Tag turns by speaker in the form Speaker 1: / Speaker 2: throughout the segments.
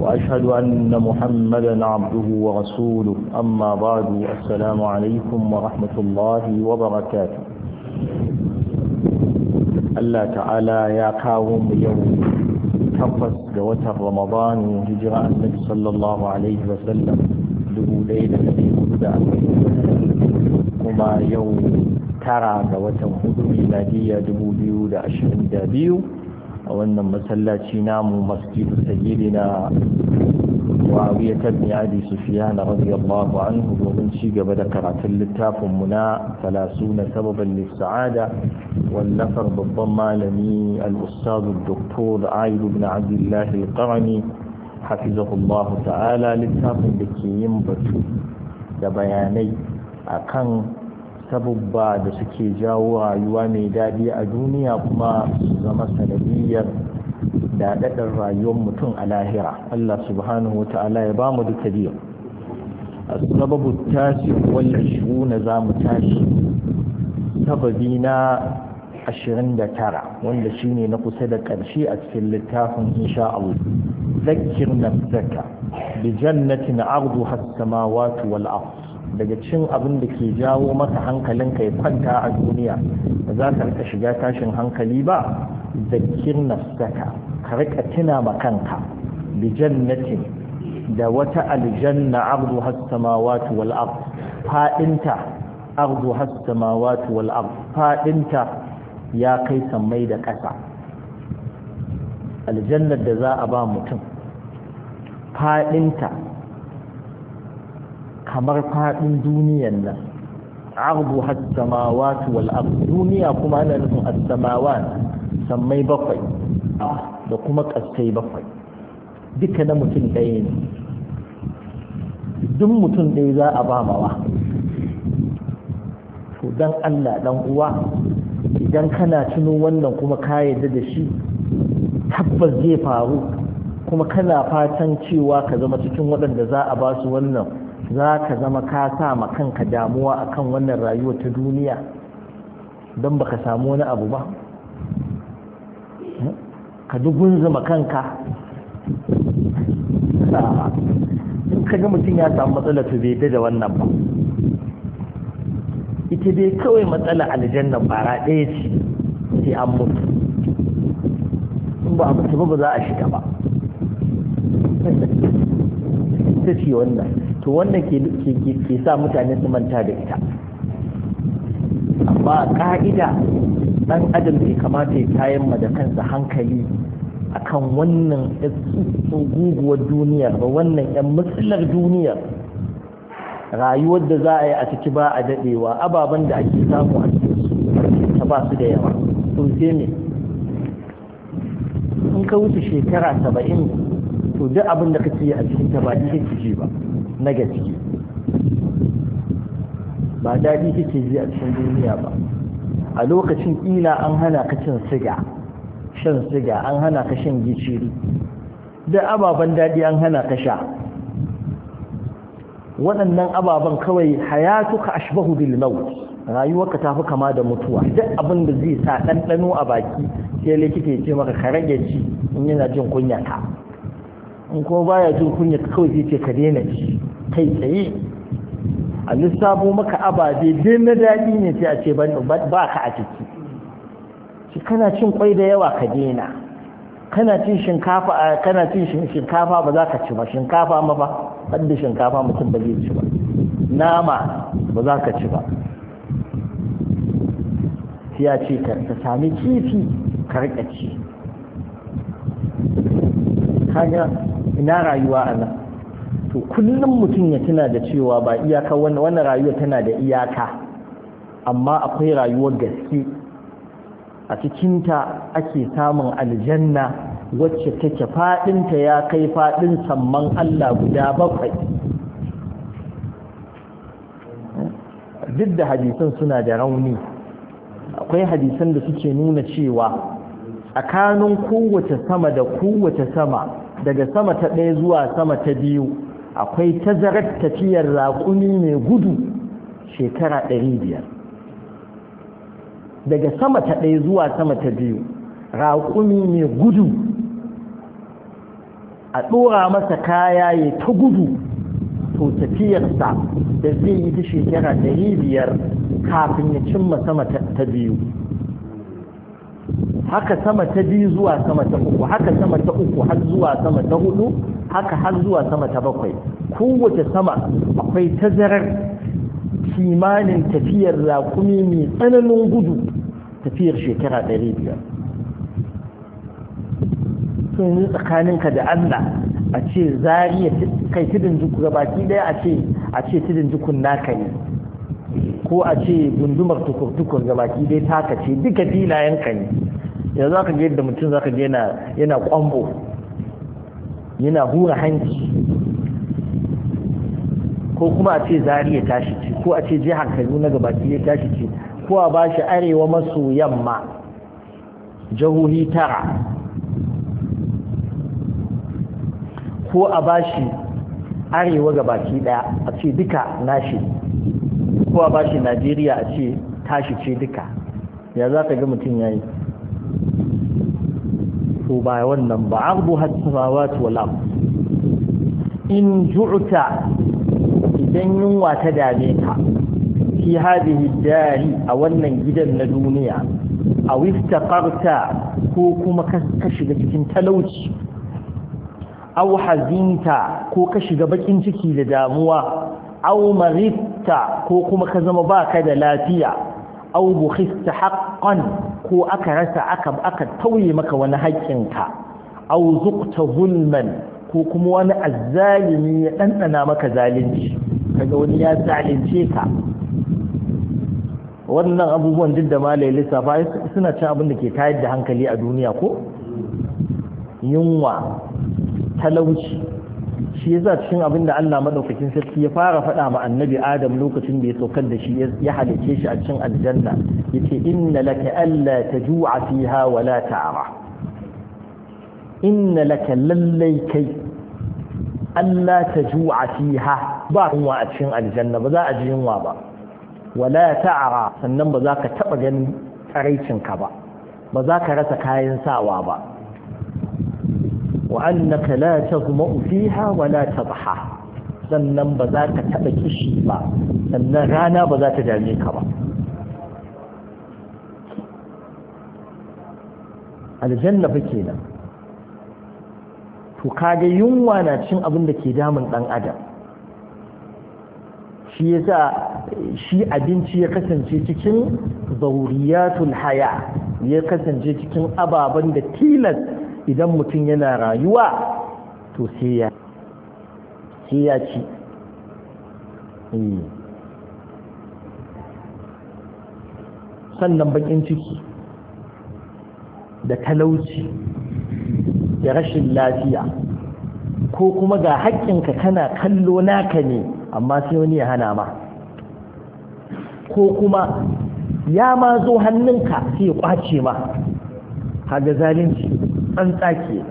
Speaker 1: وأشهد أن محمدا عبده ورسوله أما بعد السلام عليكم ورحمة الله وبركاته Allah ta'ala ya kawo mu yau tafas ga watan Ramadan hijira annabi sallallahu alaihi wa sallam dubu ɗaya da ɗari hudu da kuma yau tara ga watan hudu miladiyya dubu biyu da ashirin da biyu a wannan masallaci namu masjidu sayyidina wa abu ya tabi abi sufiya na rabi allahu anhu domin ci gaba da karatun littafin mu na talasu na sababin lissa'ada wallafar babban malami al'ustazu doktor ayyub na abdullahi al-qarani hafizahullahu ta'ala littafin da ke yin batu da bayanai a kan sabubba da suke jawo rayuwa mai daɗi a duniya kuma su zama sanadiyyar daɗaɗar rayuwar mutum a lahira Allah subhanahu wa ta'ala ya ba mu duka biyu a sababu tashi wannan shiru na za mu tashi sababi na ashirin da tara wanda shine na kusa da ƙarshe a cikin littafin insha Allah zakir nafsaka bi jannatin arduha as wal ardh daga cin abin da ke jawo maka hankalin ya kwanta a duniya ba za ka rika shiga tashin hankali ba zakir nafsaka ka rika tuna ma kanka bi jannatin da wata aljanna ardu has-samawati wal fadinta ardu has-samawati wal fadinta ya kai sammai da ƙasa aljannar da za a ba mutum fadinta kamar faɗin duniyan nan arbu hassamawatu wal ardu duniya kuma ana nufin as-samawat sammai bakwai da kuma ƙasai bakwai duka na mutum ɗaya ne duk mutum ɗaya za a ba mawa to dan Allah dan uwa idan kana tuno wannan kuma ka yarda da shi tabbas zai faru kuma kana fatan cewa ka zama cikin waɗanda za a ba su wannan za ka zama ka sa ma kanka damuwa a kan wannan rayuwa ta duniya don baka samu wani abu ba ka dugun zama kanka in ka ga mutum ya samu matsala su bai da wannan ba ita dai kawai matsala aljanna bara ɗaya ce sai an mutu in ba a mutu ba za a shiga ba ita ce wannan to wannan ke sa mutane su manta da ita amma ka'ida ɗan adam bai kamata ya tayan ma da kansa hankali akan wannan guguwar duniyar ba wannan 'yan matsalar duniyar rayuwar da za a yi a ciki ba a daɗewa ababen da ake samu a cikin ta ba su da yawa to sai ne in ka wuce shekara saba'in to duk abin da yi a cikin ta ba ita ce ba na gaske ba daɗi kake ji a cikin duniya ba a lokacin ƙila an hana ka cin siga shan siga an hana ka shan gishiri da ababen daɗi an hana ka sha waɗannan ababen kawai ka ashbahu bil maut rayuwarka ta fi kama da mutuwa duk abin da zai sa ɗanɗano a baki sai likita ya ce maka ka rage ci in yana jin kunya ka in kuma baya jin kunya kawai zai ce ka daina ci kai tsaye a lissafo maka ababe din na daɗi ne sai a ce ba ka a ciki shi kana cin kwai da yawa ka dena kana cin shinkafa kana cin shinkafa ba za ka ci ba shinkafa ma ba hadda shinkafa mutum ba zai ci ba nama ba za ka ci ba sai ya ce ka sami kifi ka rika ci kaga ina rayuwa a nan to kullum mutum ya tuna da cewa ba iyaka wannan rayuwa tana da iyaka amma akwai rayuwar gaske a cikinta ake samun aljanna wacce take faɗinta ya kai faɗin samman Allah guda bakwai duk da hadisan suna da rauni akwai hadisan da suke nuna cewa tsakanin kowace sama da kowace sama daga sama ta ɗaya zuwa sama ta biyu akwai tazarar tafiyar raƙumi mai gudu shekara 500 daga sama ta ɗaya zuwa sama ta biyu raƙumi mai gudu a ɗora masa kaya ya ta gudu to tafiyarsa da zai yi ta shekara 500 kafin ya cimma sama ta biyu haka sama ta biyu zuwa sama ta uku haka sama ta uku har zuwa sama ta hudu haka har zuwa sama ta bakwai kowace sama akwai tazarar kimanin tafiyar rakumi mai tsananin gudu tafiyar shekara ɗari biyar sun yi tsakaninka da allah a ce zariya kai tudun juku gabaki ɗaya a ce a ce tudun dukun naka ne ko a ce gundumar tukur-tukur gabaki ɗaya taka ce duka filayen ka ne yanzu za ka ga yadda mutum za ka ga yana kwambo yana hura hanci ko kuma a ce zari ya tashi ce ko a ce jihar hankali ga baki ya tashi ce ko a ba shi arewa maso yamma jihohi tara ko a ba shi arewa ga baki daya a ce duka nashi ko a ba shi najeriya a ce tashi ce duka ya za ka ga mutum ya yi to ba wannan ba ardu hasamawati wal in ju'ta idan yunwa ta dame ka fi hadhihi dari a wannan gidan na duniya aw iftaqarta ko kuma ka shiga cikin talauci aw hazinta ko ka shiga bakin ciki da damuwa aw maritta ko kuma ka zama baka da lafiya au bukista haqqan ko aka rasa aka aka tauye maka wani haƙƙinka aw zuqta zulman ko kuma wani azzalimi ya ɗanɗana maka zalunci kaga wani ya zalunce ka wannan abubuwan duk da malai lissafa suna cin abin da ke tayar da hankali a duniya ko yunwa talauci shi yasa cikin abin da Allah madaukakin sarki ya fara faɗa ma annabi Adam lokacin da ya saukar da shi ya halice shi a cikin aljanna yace inna laka alla ju'a fiha wa la ta'ara inna laka lallai kai alla taju'a fiha ba yunwa a cikin aljanna ba za a ji yunwa ba wa la ta'ara sannan ba za ka taɓa ganin tsaraicinka ba ba za ka rasa kayan sawa ba وأنك لا تظمأ فيها ta baha? sannan ba za ka taɓa kishi ba sannan rana ba za ta dame ka ba aljanna ba kenan to kaga yunwa na cin abin da ke damun ɗan adam shi yasa shi abinci ya kasance cikin zauriyatul haya ya kasance cikin ababen da tilas idan mutum yana rayuwa to sai ya ci eh. sannan bakin ciki da talauci da rashin lafiya ko kuma ga haƙƙinka kana kallo naka ne amma sai wani ya hana ma ko kuma ya ma zo hannunka sai ya ƙwace ma haga zalunci ɗan ke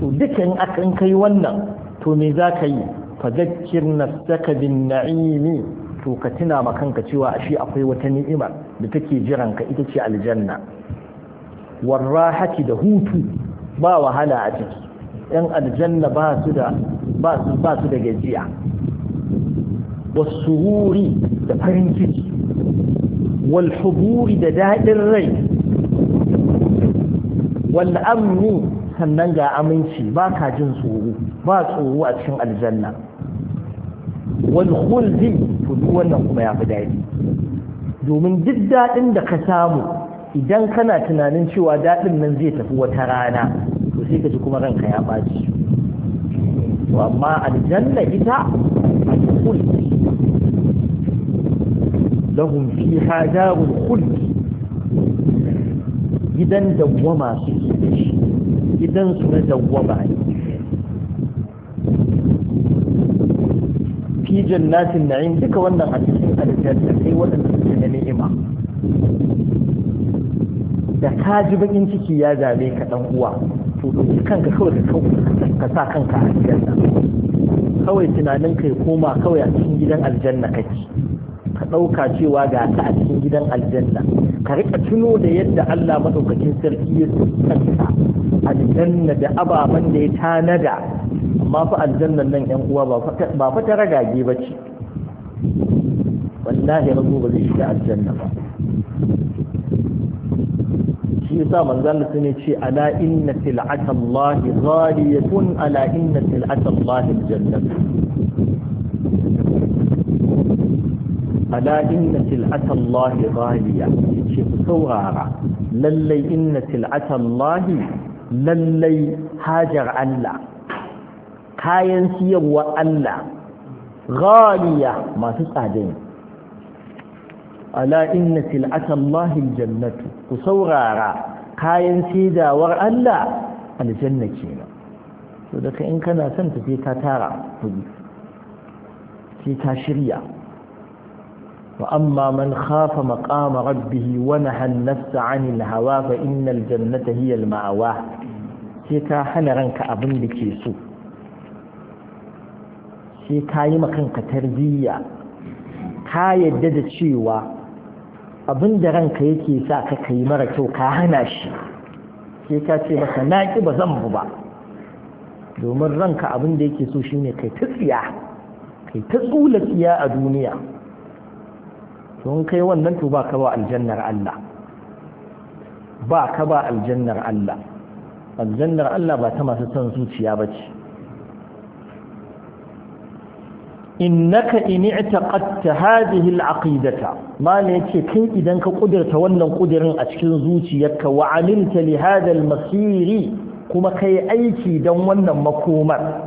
Speaker 1: to dukan akan kai wannan to me za ka yi fadakkir nafsaka bin na'imi to ka tuna ma kanka cewa ashe akwai wata ni'ima da take jiran ka ita ce aljanna warrahati da hutu ba wahala a ciki yan aljanna ba su da ba su ba su da gajiya
Speaker 2: wasururi
Speaker 1: da farin ciki wal huburi da daɗin rai wal amni sannan ga aminci ba ka jin tsoro ba tsoro a cikin aljanna Wani khuldi to duk wannan kuma ya fi daɗi domin duk daɗin da ka samu idan kana tunanin cewa daɗin nan zai tafi wata rana to sai ka ji kuma ranka ya ɓaci to amma aljanna ita al-khuldi fiha darul khuldi gidan dawwama su su na a ne fi jannatin na'im duka wannan a cikin aljanna sai waɗanda suke na ni'ima da ka ji bakin ciki ya zame ka dan uwa to ɗauki kanka kawai ka sa kanka a aljanna kawai tunanin kai koma kawai a cikin gidan aljanna kake ɗauka cewa ga ta a cikin gidan aljanna ka riƙa tuno da yadda Allah maɗaukakin sarki ya tsanta aljanna da ababen da ya tanada amma fa aljannan nan ƴan uwa ba fa ta ragage ba ce wallahi rabu ba zai shiga aljanna ba shi yasa manzon sun ne ce ala inna til'ata Allah ghaliyatun ala inna til'ata Allah ala inna til'atallahi ghaliya ce ku saurara lallai inna til'atallahi lallai hajar Allah kayan siyarwa Allah ghaliya masu tsada ne ala inna til'atallahi aljannatu ku saurara kayan sidawar Allah aljanna kenan to da in kana son ta tara sai shirya وأما من خاف مقام ربه ونهى النفس عن الهوى فإن الجنة هي المأوى سيكا حنرنك أبن بكيسو سيكا يمكنك tarbiyya ka yadda da cewa abin da ranka yake sa ka kai mara kyau ka hana shi sai ka ce masa na ƙi ba zan bu ba domin ranka abin da yake so shine kai ta tsiya kai ta tsula tsiya a duniya to in kai wannan to ba ka ba aljannar Allah ba ka ba aljannar Allah aljannar Allah ba ta masu son zuciya ba ce innaka in i'taqadta hadhihi al-aqidata malam yace kai idan ka ƙudirta wannan kudirin a cikin zuciyarka wa amilta li hadha al-masiri kuma kai aiki dan wannan makomar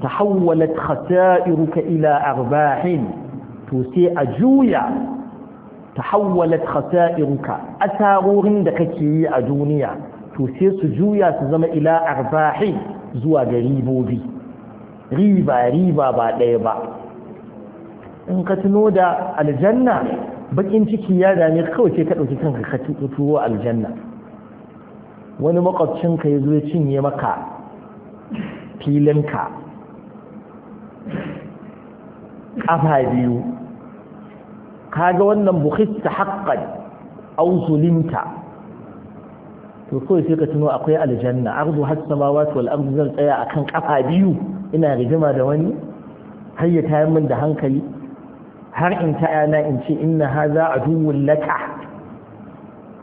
Speaker 1: tahawwalat khata'iruka ila arba'in. to sai a juya ta hawwalat khasa'iruka asarorin da kake yi a duniya to sai su juya su zama ila arbahi zuwa ga ribobi riba riba ba ɗaya ba in ka tuno da aljanna bakin ciki ya dame kawai sai ka ɗauki kanka ka tuwo aljanna wani makwabcinka ya zo cinye maka filinka ƙafa biyu kaga wannan bukhista haqqan aw zulimta to kawai sai ka tuno akwai aljanna ardu has samawati wal ardu zan tsaya akan kafa biyu ina rigima da wani har ya tayar min da hankali har in ta yana in ce inna hadha aduwwun laka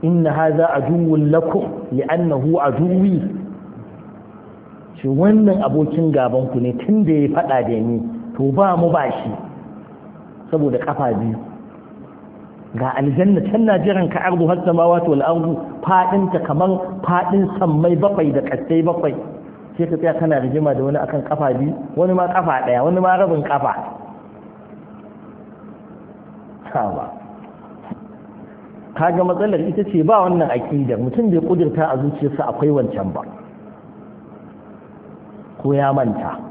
Speaker 1: inna hadha aduwwun lakum li'annahu aduwwi shi wannan abokin gaban ku ne tunda ya fada da ni to ba mu ba shi saboda kafa biyu ga aljanna can na jiran ka ardu har samawati wal ardu fadin ta kaman fadin sammai bakwai da kasai bakwai sai ka tsaya kana rijima da wani akan kafa biyu wani ma kafa daya wani ma rabin kafa sawa kaga matsalar ita ce ba wannan aqida mutum bai kudirta a zuciyarsa akwai wancan ba ko ya manta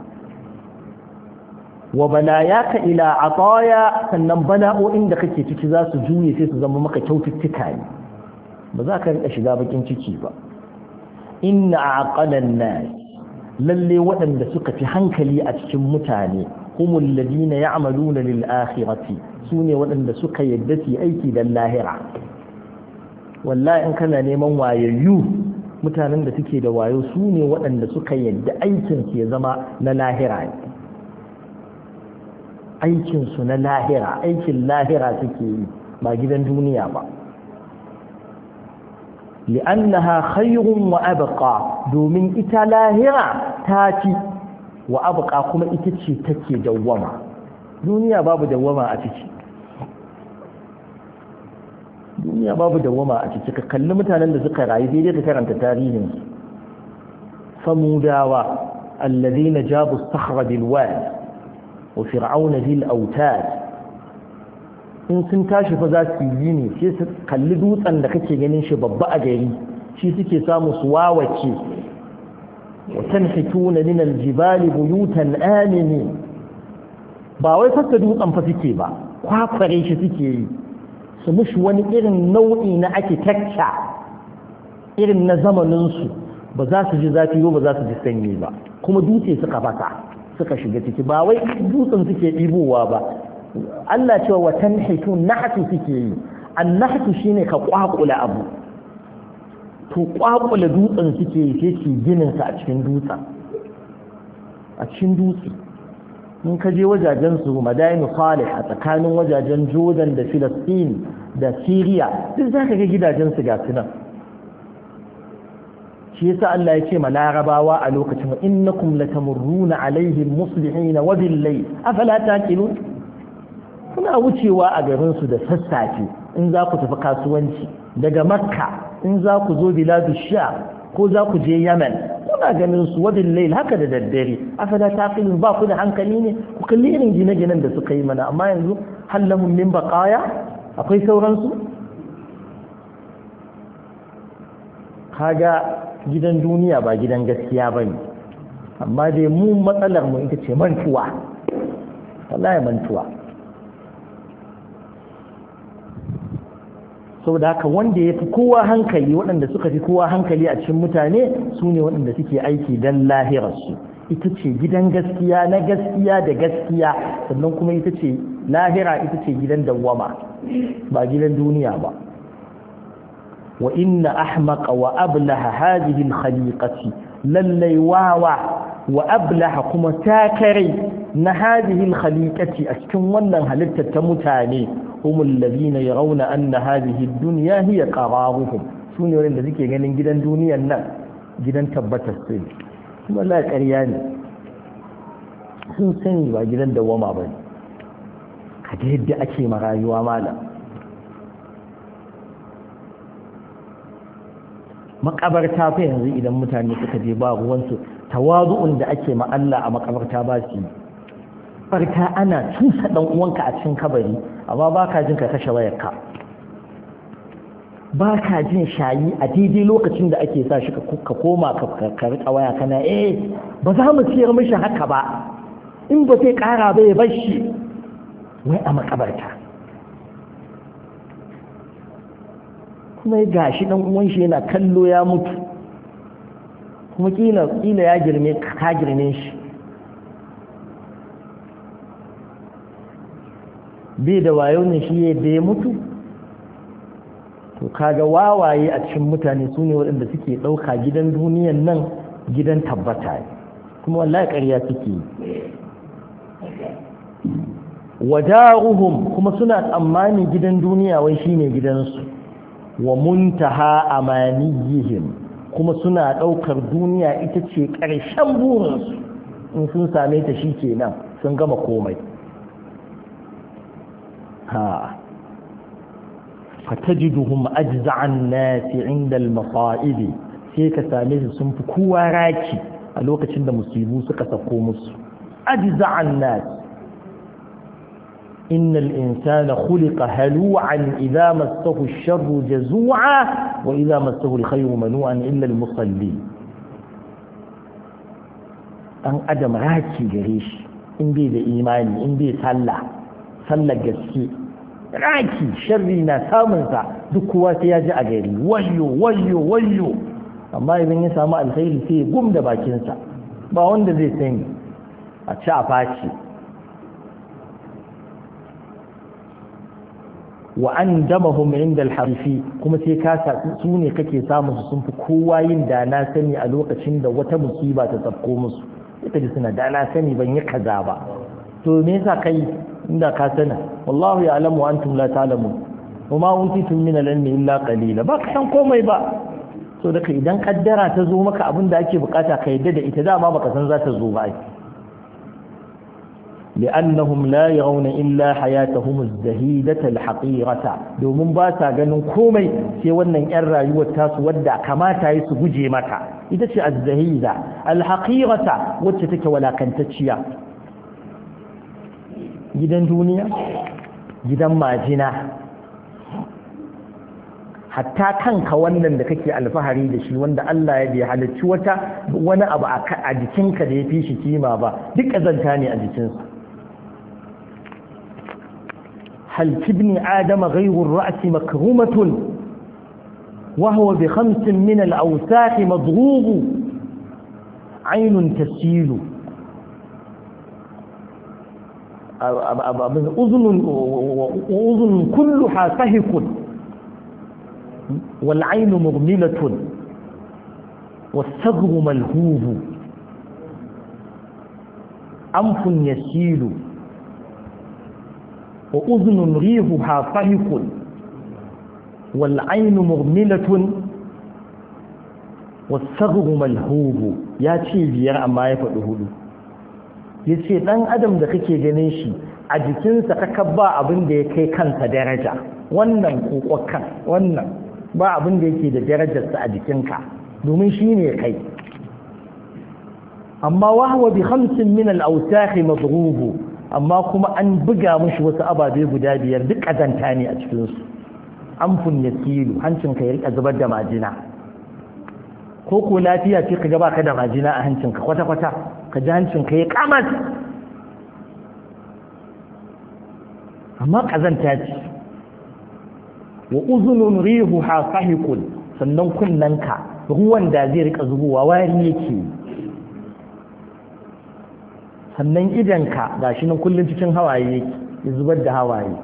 Speaker 1: wa balayaka ila ataya sannan bala'o'in da kake ciki za su juye sai su zama maka kyaututtuka ne ba za ka rika shiga bakin ciki ba inna aqalan nas lalle waɗanda suka fi hankali a cikin mutane humul ladina ya'maluna lil akhirati sune waɗanda suka yadda su aiki dan lahira wallahi in kana neman wayayyu mutanen da suke da wayo sune waɗanda suka yadda aikin su ya zama na lahira ne aikinsu na lahira aikin lahira suke yi ba gidan duniya ba li'annaha khayrun wa abqa domin ita lahira ta ci wa abqa kuma ita ce take dawwama duniya babu dawwama a ciki duniya babu dawwama a ciki ka kalli mutanen da suka rayu daidai da karanta tarihin samudawa alladhina jabu sakhra bil wadi wa fir'auna zil autad in sun tashi fa za su yi ne sai su kalli dutsen da kake ganin shi babba a gari shi suke samu su wawace wa tanhituna min aljibali buyutan amini ba wai fasa dutsen fa suke ba kwakware shi suke yi su mushi wani irin nau'i na architecture irin na zamaninsu ba za su ji zafi ba za su ji sanyi ba kuma dutse suka fasa suka shiga ciki ba wai dutsen suke ɗibowa ba Allah cewa wa tanhitu nahtu suke yi an nahtu shine ka kwakula abu to kwakula dutsen suke yi sai ki ginin sa a cikin dutsa a cikin dutse in ka je wajajen su madainu salih a tsakanin wajajen jordan da Filistin, da syria duk zaka ga gidajen su ga shi yasa Allah ya ce ma larabawa a lokacin innakum latamurruna alaihim muslihina wa billayl afala taqilun kuna wucewa a garin su da sassafe in za ku tafi kasuwanci daga makka in za ku zo biladush sha ko za ku je yaman kuna ganin su wa billayl haka da daddare afala taqilun ba ku da hankali ne ku kalli irin gine-ginen da suka yi mana amma yanzu hallahum min baqaya akwai sauransu kaga gidan duniya ba gidan gaskiya ba ne amma dai mu matsalar mu ita ce mantuwa wallahi mantuwa sau da haka wanda ya fi kowa hankali waɗanda suka fi kowa hankali a cikin mutane su ne waɗanda suke aiki don lahirarsu ita ce gidan gaskiya na gaskiya da gaskiya sannan kuma ita ce lahira ita ce gidan dawwama ba gidan duniya ba wa inna ahmaqa wa ablaha hadhihi al-khaliqati lallai wawa wa ablaha kuma takare na hadhihi al-khaliqati a cikin wannan halittar ta mutane humul ladina yarawna anna hadhihi ad-dunya hiya qararuhum sune wanda suke ganin gidan duniyar nan gidan tabbatar sai kuma la ƙarya ne sun sani ba gidan dawama bane kaga yadda ake ma rayuwa malam makabarta fa yanzu idan mutane suka je ba ruwansu tawazu'un da ake ma Allah a makabarta ba yi. farka ana cusa dan uwanka a cikin kabari amma ba ka jin ka kashe wayarka ba ka jin shayi a daidai lokacin da ake sa shi ka koma ka rika waya kana eh ba za mu siyar mishi haka ba in ba sai kara ba ya bar shi
Speaker 2: wai a makabarta
Speaker 1: kuma ga shi dan uwan shi yana kallo ya mutu kuma kila kila ya girme ka girme shi bi da wayo ne shi da ya mutu to kaga wawaye a cikin mutane su ne waɗanda suke ɗauka gidan duniyan nan gidan tabbata ne kuma wallahi ƙarya suke wada'uhum kuma suna tsammanin gidan duniya wai shine gidansu wa muntaha amaniyihim kuma suna ɗaukar duniya ita ce ƙarshen burinsu in sun same ta shi kenan sun gama komai ha fatajiduhum ajza'an nasi inda al sai ka same su sun fi kowa raki a lokacin da musibu suka sako musu ajza'an nasi إن الإنسان خلق هلوعا إذا مسه الشر جزوعا وإذا مسه الخير منوعا إلا المصلين أن أدم راكي جريش إن بيد إيماني إن بيد صلى صلى جسي راكي شرنا سامنسا دكوات يجي أجري ويو ويو ويو amma idan ya samu alkhairi sai ya gum da bakinsa ba wanda zai sani a ci a faci wa an damahum inda alharfi kuma sai ka su ne kake samu su sun fi kowa yin da na sani a lokacin da wata musiba ta tsafko musu ita da suna da na sani ban yi kaza ba to me yasa kai inda ka sana wallahu ya'lamu wa antum kuma ta'lamun وما أوتيتم من العلم illa قليلا ba ka san komai ba so da idan kaddara ta zo maka abin da ake bukata ka yadda da ita dama baka san za ta zo ba لأنهم لا يرون إلا حياتهم الزهيدة الحقيقة دومن باسا ganin komai sai wannan yan rayuwar tasu wadda kamata yi su guje mata ita ce az-zahida al wacce take walakantacciya gidan duniya gidan majina hatta kanka wannan da kake alfahari da shi wanda Allah ya bi halicci wata wani abu a jikinka da ya fi shi kima ba duk ƙazanta ne a jikinsa هل تبني آدم غير الرأس مكرومة وهو بخمس من الأوساخ مضغوب عين تسيل أذن وأذن كلها فهق والعين مغملة والثغر ملهوب أنف يسيل wa uzunun ha fahikun wal'ainu ainu murmilatun wasu malhubu ya ce biyar amma ya faɗi hudu ya ce ɗan adam da kake ganin shi a jikinsa ka ba abin da ya kai kansa daraja wannan kokokan wannan ba abin da yake da darajarsa a jikinka domin shi ne kai amma wahwa bi hamsin min al'autahi madrubu amma kuma an buga mushi wasu ababe guda biyar duk kazanta ne a cikinsu an funya tilu hancin ka ya rika zubar da majina ko ko lafiya ce ka gaba ka da majina a hancin ka kwata-kwata ka ji hancin ka ya kamat amma kazanta ce wa uzunun rihu ha sahikun sannan kunnen ka ruwan da zai rika zubowa wari yake yi sannan idanka ga shi nan kullum cikin hawaye ya zubar da hawaye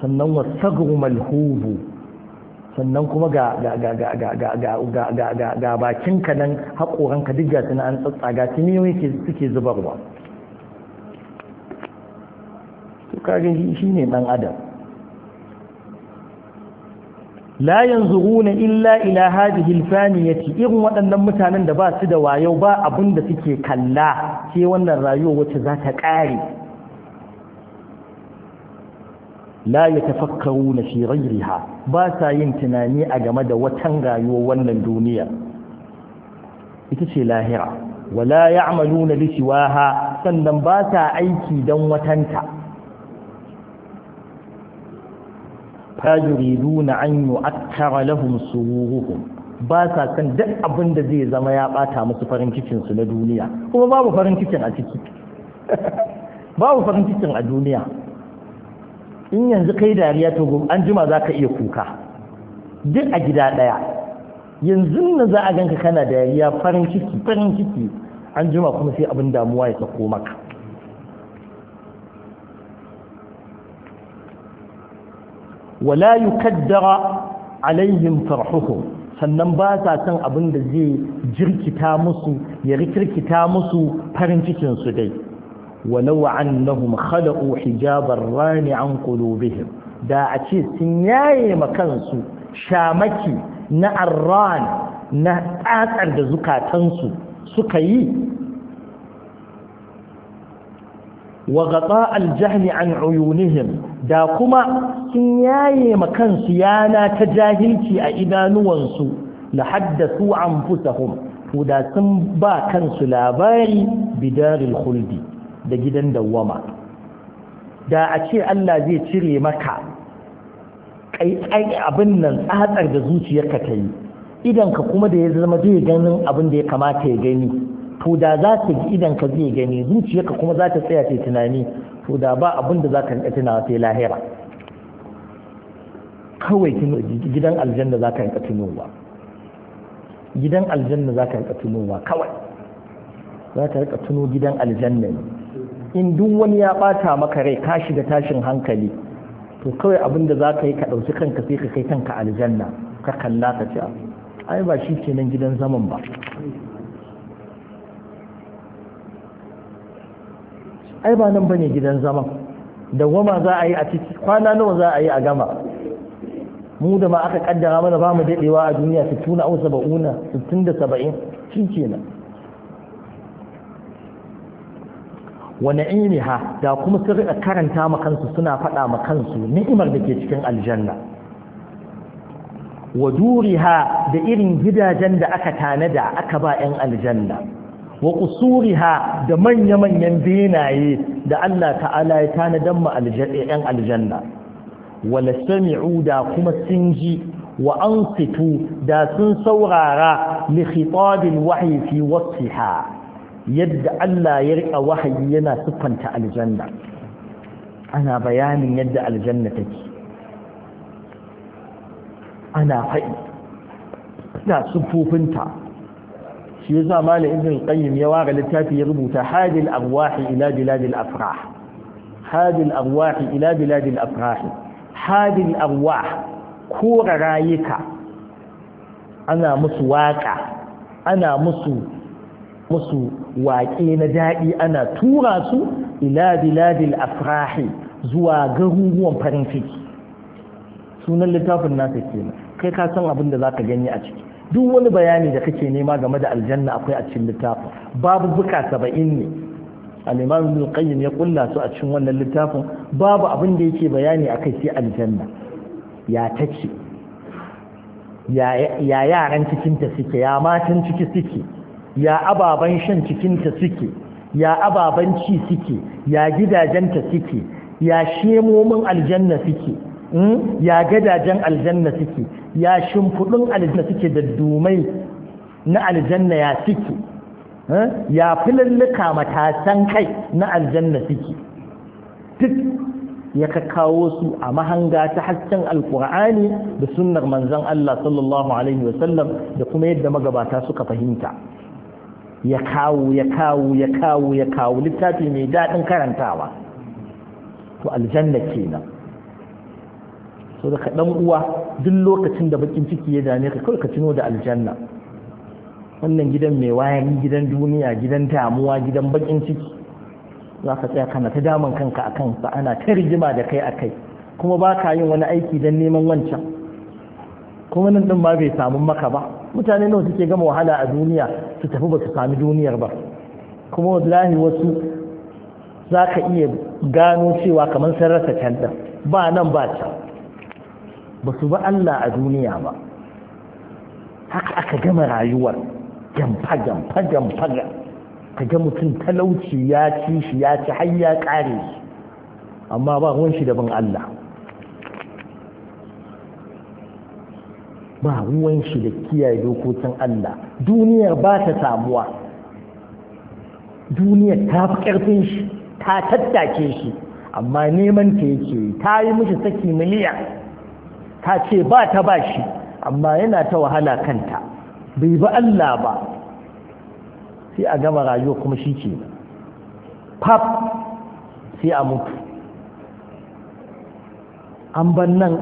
Speaker 1: sannan wasu malhubu sannan kuma ga bakinka nan haƙoranka duk ga suna an tsatsaga tuniyoyi suke zubarwa tukagin shi ne ɗan adam la runa illa ila hadhihi alfaniyati irin waɗannan mutanen da ba su da wayo ba abin da suke kalla sai wannan rayuwa wacce za ta ƙare la na fi ghayriha ba sa yin tunani a game da watan rayuwar wannan duniya ita ce lahira wala ya'maluna bi siwaha sannan ba sa aiki dan watanta fayuriduna an yu'akkara lahum sururuhum ba sa kan duk abin da zai zama ya bata musu farin cikin su na duniya kuma babu farin cikin a ciki babu farin cikin a duniya in yanzu kai dariya to an jima za ka iya kuka duk a gida ɗaya yanzu na za a ganka kana dariya farin ciki farin ciki an jima kuma sai abin damuwa ya sako maka wala kaddara alaihim farhuhum sannan ba sa san abin da zai jirkita musu ya rikirkita musu farin cikin su dai walau annahum khalaqu hijaban rani an qulubihim da a ce sun yaye makansu shamaki na arran na tsatsar da zukatansu suka yi wa gaba aljahli an uyunihim da kuma sun yaye ma kansu yana ta jahilci a idanuwansu la haddathu anfusahum to da sun ba kansu labari bidaril khuldi da gidan dawwama da a ce Allah zai cire maka kai abin nan tsatsar da zuciyarka ta yi idan ka kuma da ya zama zai ganin abin da ya kamata ya gani to da za ta ji idan ka zai gani zuciyarka kuma za ta tsaya ta tunani to da ba abin da za ka rika tunawa sai lahira kawai gidan aljanna za ka rika tunowa gidan aljanna za ka rika tunowa kawai za ka rika tuno gidan aljanna ne in duk wani ya bata maka rai ka shiga tashin hankali to kawai abin da za ka yi ka ɗauki kanka sai ka kai kanka aljanna ka kalla ka ci ai ba shi kenan gidan zaman ba ai ba nan bane gidan zama goma za a yi a ciki kwana nawa za a yi a gama mu da ma aka kaddara mana ba mu dadewa a duniya su tuna au 70 60 da 70 shi kenan wa ha da kuma su rika karanta ma kansu suna faɗa ma kansu ni'imar da ke cikin aljanna wa duriha da irin gidajen da aka tanada aka ba 'yan aljanna wa qusuriha da manya-manyan benaye da Allah ta'ala ya tanadan mu aljanna aljanna wala sami'u da kuma sun ji wa ansitu da sun saurara li khitabil wahyi fi wasfiha yadda Allah ya rika wahayi yana siffanta aljanna ana bayanin yadda aljanna take ana faɗi da siffofinta shi yasa malam ibn qayyim ya ware littafi ya rubuta hadil arwahi ila biladil afrah hadil arwahi ila biladil afrah hadil arwah ko rayuka ana musu waka ana musu musu waƙe na daɗi ana tura su ila biladil afrahi zuwa garuruwan farin ciki sunan littafin nasa kenan kai ka san abin da za ka gani a ciki duk wani bayani da kake nema game da aljanna akwai a cikin littafin babu buka saba'in ne al-imam ibn qayyim ya kulla su a cikin wannan littafin babu abin da yake bayani akai sai aljanna ya tace, ya yaran cikin suke ya matan ciki suke ya ababan shan cikinta ta suke ya ababan ci suke ya gidajen ta suke ya shemomin aljanna suke Hmm? ya gadajen aljanna suke ya shimfiɗin aljanna suke da dumai na aljanna ya suke hmm? ya filallika matasan kai na aljanna suke duk ya kawo su a mahanga ta hasken alkur'ani da sunnar manzon Allah sallallahu alaihi wasallam da kuma yadda magabata suka fahimta ya kawo ya kawo ya kawo ya kawo littafi mai daɗin karantawa to aljanna kenan so da kaɗan uwa duk lokacin da bakin ciki ya dame ka kawai ka tuno da aljanna wannan gidan mai wayan gidan duniya gidan damuwa gidan bakin ciki za ka tsaya kana ta daman kanka a kansa ana ta rigima da kai a kai kuma ba ka yin wani aiki don neman wancan kuma nan ɗin ma bai samu maka ba mutane nawa suke gama wahala a duniya su tafi ba su sami duniyar ba kuma wallahi wasu za ka iya gano cewa kamar sun rasa ba nan ba can ba su ba Allah a duniya ba haka aka gama rayuwar jamfa jamfa jamfa ka ga mutum talauci ya ci shi ya ci har ya kare shi amma ba ruwan shi da bin Allah ba ruwan shi da kiyaye dokokin Allah duniyar ba ta samuwa duniyar ta fi ƙarfin shi ta tattake shi amma neman ta yake ta yi mishi saki miliyan ta ce ba ta ba shi amma yana ta wahala kanta bai ba Allah ba sai a gama rayuwa kuma shi ke Pap sai a mutu an ban nan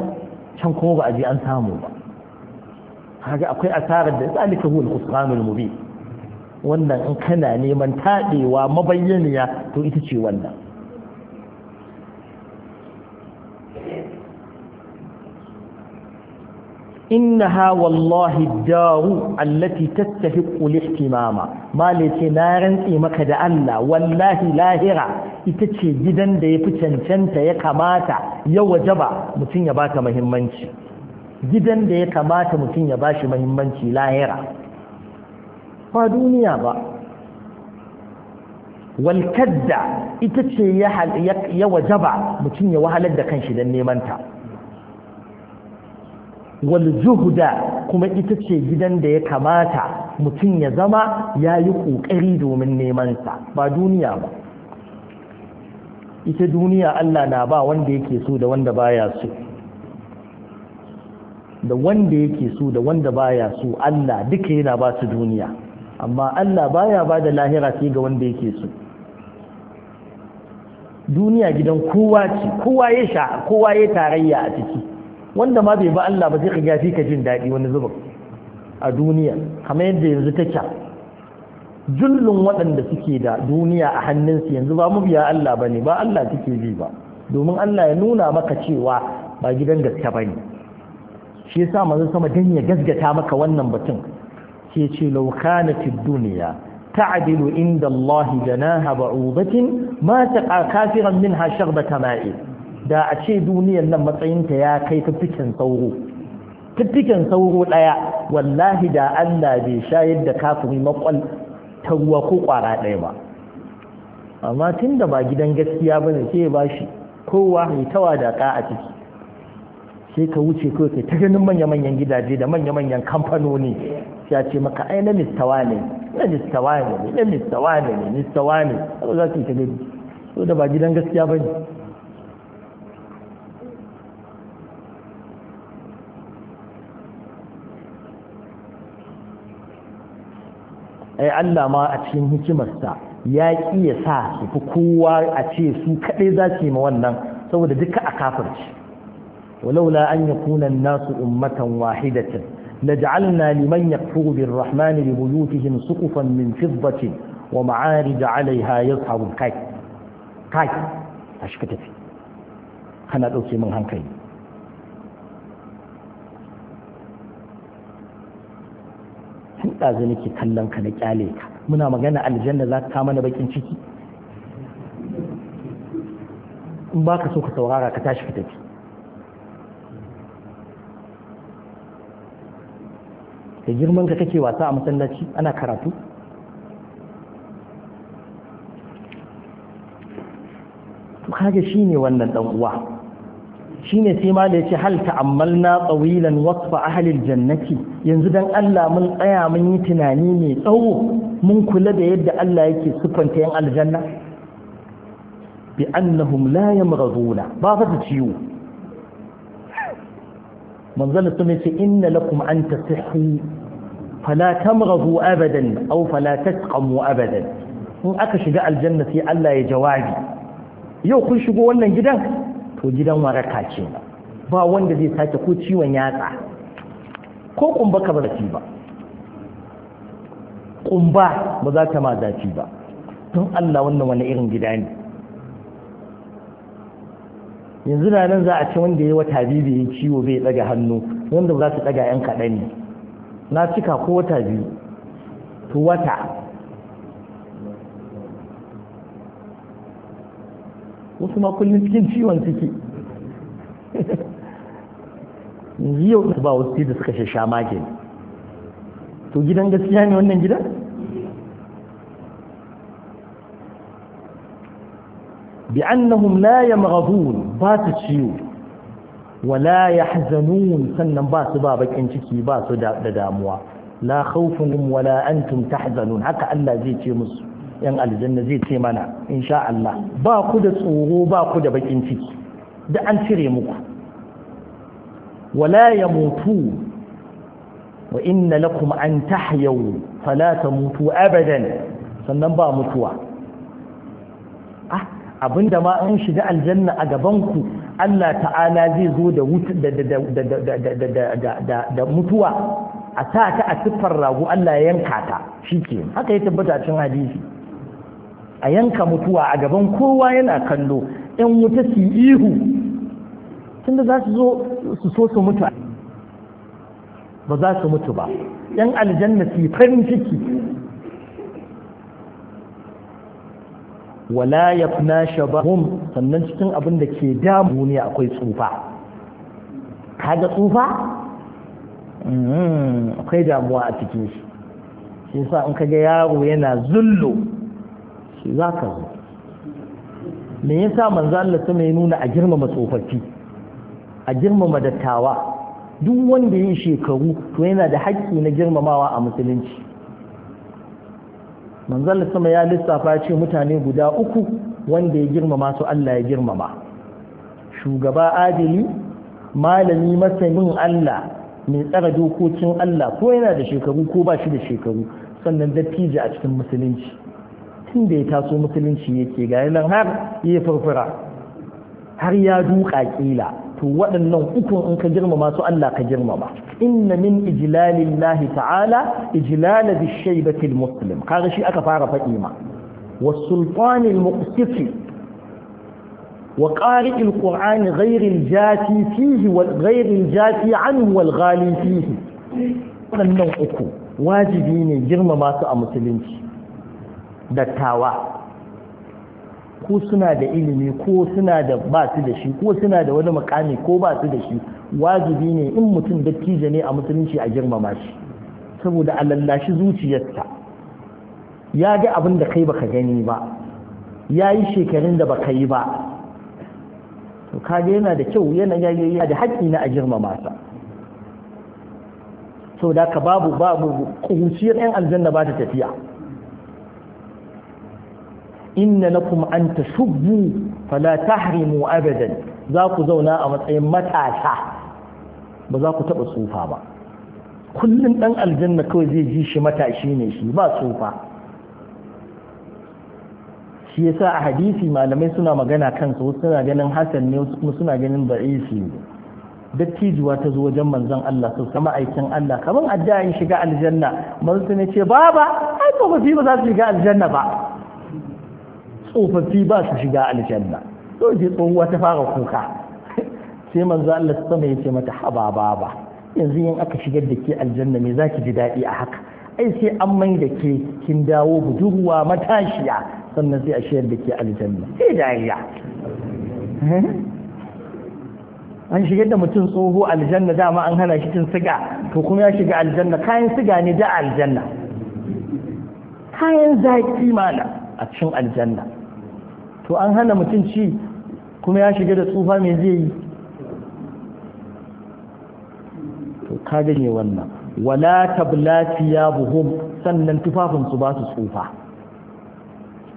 Speaker 1: can kuma ba a je an samu ba haka akwai asarar da zalika huwa al-khusranul wannan in kana neman taɗewa mabayyaniya to ita ce wannan إنها والله الدار التي تتفق الاهتمام ما لتي نارن قيمك دعنا والله لاهرة itace gidan da ya fi cancanta ya kamata ya wajaba mutum ya baka muhimmanci gidan da ya kamata mutum ya bashi muhimmanci lahira ba duniya ba walkadda ita ce ya wajaba mutum ya wahalar da kanshi don neman ta wal juhda kuma ita ce gidan da ya kamata mutum ya zama ya yi ƙoƙari domin nemansa ba duniya ba ita duniya Allah na ba wanda yake so da wanda baya so da wanda yake so da wanda baya so Allah duka yana ba su duniya amma Allah baya ba da lahira sai ga wanda yake so duniya gidan kowa ce kowa ya sha kowa ya tarayya a ciki wanda ma bai ba Allah ba sai ka gafi ka jin daɗi wani zubin a duniya kamar yadda yanzu ta kya jullun waɗanda suke da duniya a hannunsu yanzu ba mabiya Allah ba ne ba Allah suke bi ba domin Allah ya nuna maka cewa ba gidan gaske ba ne shi yasa manzo sama dan ya gasgata maka wannan batun Ke ce lauka kanat ad-dunya ta'dilu inda Allah janaha ba'udatin ma taqa kafiran minha sharbata ma'i da a ce duniyan nan matsayinta ya kai tuffikin sauro tuffikin sauro ɗaya wallahi da Allah bai shayar da kafin makon ta ruwa ko ƙwara ɗaya ba amma tun da ba gidan gaskiya ba ne sai ba shi kowa mai tawa da ka a ciki sai ka wuce ko kai ta ganin manya-manyan gidaje da manya-manyan kamfanoni ya ce maka ai na mistawa ne na mistawa ne na mistawa ne na mistawa ne za su yi ta gani so da ba gidan gaskiya ba ne ai Allah ma a cikin hikimarsa ya ki sa su fi kowa a ce su kaɗai za su yi ma wannan saboda duka a kafarci walaula an yi kunan nasu ummatan wahidatin na ja'alin na liman ya kogin rahmanin rubutihin sukufan min fizbaci wa ma'ari da alai hayar sabon kai kana ɗauke min hankali tun zai nake kallon ka na kyale ka muna magana aljanna za ta mana bakin ciki in ba ka so ka saurara ka tashi ka tafi da girman ka kake wasa a masallaci ana karatu to shi shine wannan dan uwa shine sai ma da yace hal ta'ammalna tawilan wasfa ahli jannati yanzu dan Allah mun tsaya mun yi tunani mai tsawo mun kula da yadda Allah yake sufanta yan aljanna bi annahum la yamghaduna ba fa ciwo manzon sun ce inna lakum an tasihhi fala tamghadu abadan aw fala tasqamu abadan in aka shiga aljanna sai Allah ya jawabi yau kun shigo wannan gidan to gidan waraka ce ba wanda zai sake ko ciwon yatsa ko kumba ka ba ba kumba ba za ta ma zafi ba don Allah wannan wani irin gida ne yanzu na nan za a ci wanda ya wata biyu da ya ciwo bai daga hannu wanda ba za su daga yan kaɗan na cika ko wata biyu to wata wasu makullin cikin ciwon ciki yau ba wasu da suka sha mage to gidan gaskiya ne wannan gidan? bi annahum la yamghadun ba su ciwo wala yahzanun sannan ba su ba bakin ciki ba su da damuwa la khawfun wala antum tahzanun haka Allah zai ce musu yan aljanna zai ce mana insha Allah ba ku da tsoro ba ku da bakin ciki da an cire muku wala yamutu wa inna lakum an tahyaw fala tamutu abadan sannan ba mutuwa ah abinda ma an shiga aljanna a gaban ku Allah ta'ala zai zo da da mutuwa a sa ta a siffar rago Allah ya yanka ta shi ke haka ya tabbata cin hadisi a yanka mutuwa a gaban kowa yana kallo yan wuta su ihu tunda za su zo su so su mutu
Speaker 2: ba za su mutu ba
Speaker 1: yan aljanna su farin ciki wala ya ba? shabahum sannan cikin abin da ke damu ne akwai tsufa kaga tsufa mm-hmm. akwai damuwa a cikin shi shi sa in ga yaro yana zullo za ka zo me yasa manzo Allah sama ya nuna a girmama tsofaffi a girmama dattawa duk wanda ya yi shekaru to yana da haƙƙi na girmamawa a musulunci manzo Allah sama ya lissafa ya ce mutane guda uku wanda ya girmama su Allah ya girmama shugaba adili malami masanin Allah mai tsara dokokin Allah ko yana da shekaru ko ba shi da shekaru sannan dattijo a cikin musulunci tun da ya taso musulunci yake ga nan har ya furfura har ya duka kila to waɗannan uku in ka girmama su Allah ka girmama inna min ijlalillahi ta'ala ijlala bi shaybati muslim kaga shi aka fara faɗi ma والسلطان المؤسف وقارئ القرآن غير الجاتي فيه وغير الجاتي عنه والغالي فيه wannan uku wajibi ne girmama su a musulunci dattawa ko suna da ilimi ko suna da ba su da shi ko suna da wani makami ko ba su da shi wajibi ne in mutum dattijo ne a musulunci a girmama shi saboda a lallashi zuciyarsa ya ga abin da kai baka gani ba ya yi shekarun da baka yi ba to kaga yana da kyau yana da haƙƙi na a girmama sa saboda ka babu babu kuciyar yan aljanna ba ta tafiya inna lakum an tashubbu fala tahrimu abadan za ku zauna a matsayin matasa ba za ku taba tsufa ba kullum dan aljanna kawai zai ji shi matashi ne shi ba tsufa shi yasa a hadisi malamai suna magana kansu wasu suna ganin hasan ne wasu kuma suna ganin ba'isi ne dattijuwa ta zo wajen manzon Allah so kama aikin Allah kaman addu'a in shiga aljanna manzon ne ce baba ai ba ba za su shiga aljanna ba tsofaffi ba su shiga aljanna to ji tsohuwa ta fara kuka sai manzo Allah sama ya ce mata haba baba yanzu in aka shigar da ke aljanna me zaki ji daɗi a haka ai sai an mai da ke kin dawo budurwa matashiya sannan sai a shigar da ke aljanna sai dariya eh? an shigar da mutum tsoho aljanna dama an hana shi cin siga to kuma ya shiga aljanna kayan siga ne da aljanna kayan zaki mana a cikin aljanna to an hana mutum ci kuma ya shiga da tsufa mai zai yi to ka gane wannan wala tablati ya buhum sannan tufafinsu ba su tsufa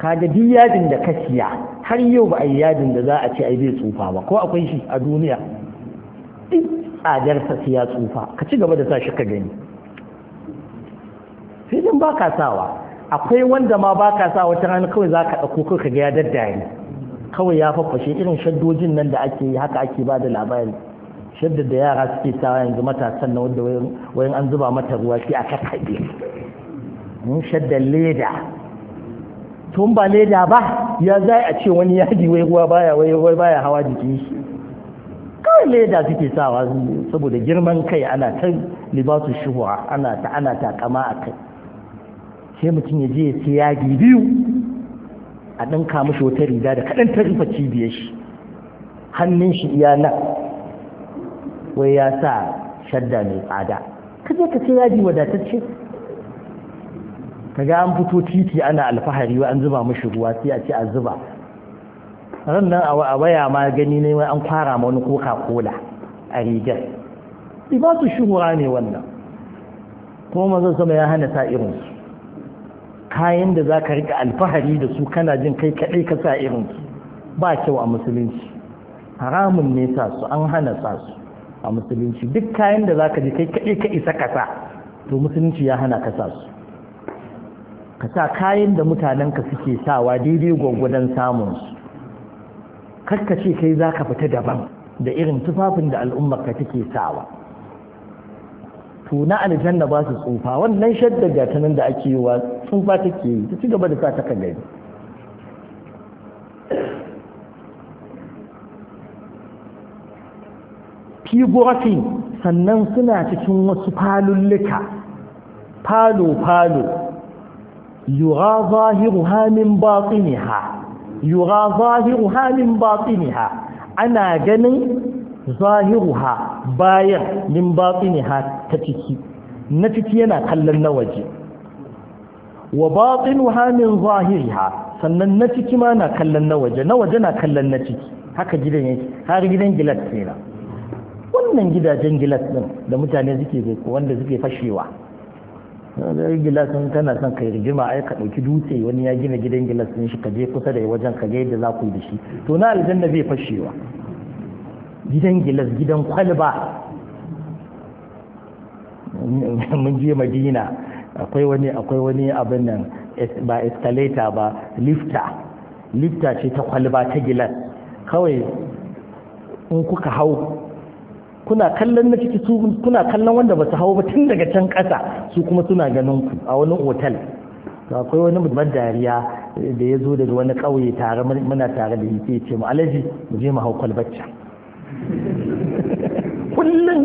Speaker 1: kaga duk yadin da ka siya har yau ba a yi yadin da za a ce ai bai tsufa ba ko akwai shi a duniya duk tsadarsa sa ya tsufa ka ci gaba da sa shi ka gani sai dan ba ka sawa akwai wanda ma ba ka sa wata rana kawai za ka ɗauko ka ga ya kawai ya faffashe irin shaddojin nan da ake yi haka ake ba da labari shadda da yara suke sawa yanzu matasan na wanda wayan an zuba mata ruwa sai a kakkaɓe mun shadda leda tun ba leda ba ya zai a ce wani yaji wai ruwa baya wai wai baya hawa jikin kawai leda suke sawa saboda girman kai ana ta libasu shuhura ana ta ana takama a kai sai mutum ya je ya ce yagi biyu a ɗinka mashi wata riga da kaɗan ta rufe cibiyar shi hannun shi iya nan wai ya sa shadda mai tsada ka je ka ce yadi wadatacce kaga an fito titi ana alfahari wa an zuba mashi ruwa sai a ce a zuba ran nan a waya ma gani ne wai an kwara ma wani coca cola a rigar ba su shuhura ne wannan kuma mazan sama ya hana sa irinsu kayan da za ka riƙa alfahari da su kana jin kai kaɗai ka sa irin ba kyau a musulunci haramun ne sa su an hana sa su a musulunci duk kayan da za ka ji kai kaɗai ka isa ka sa to musulunci ya hana ka sa su ka sa kayan da mutanenka suke sawa daidai gwangwadon samun su kakkace ce kai za ka fita daban da irin tufafin da al'ummarka take sawa to na aljanna ba su tsufa wannan shadda ga nan da ake yi wa tsufa take yi ta ci da sa ta kan gari sannan suna cikin wasu falulluka falo-falo yura zahiru hamin batsiniha yura zahiru hamin batsiniha ana ganin zahiruha bayan min batiniha ta ciki na ciki yana kallon na waje wa batinuha min zahiriha sannan na ciki ma na kallon na waje na waje na kallon na ciki haka gidan yake har gidan gilas kenan wannan gidajen gilas din da mutane suke wanda suke fashewa zai gilas sun tana son kai rigima ai ka ɗauki dutse wani ya gina gidan gilas din shi ka je kusa da wajen ka ga yadda za ku yi da shi to na aljanna zai fashewa gidan gilas gidan kwalba mun je madina akwai wani akwai wani abin nan ba escalator ba lifta lifta ce ta kwalba ta gilas kawai in kuka hau kuna kallon na ciki kuna kallon wanda ba su hau ba tun daga can kasa su kuma suna ganin ku a wani otal akwai wani mutumar dariya da ya zo daga wani ƙauye tare muna tare da yake ce mu alaji mu je mu hau kwalbacca kullum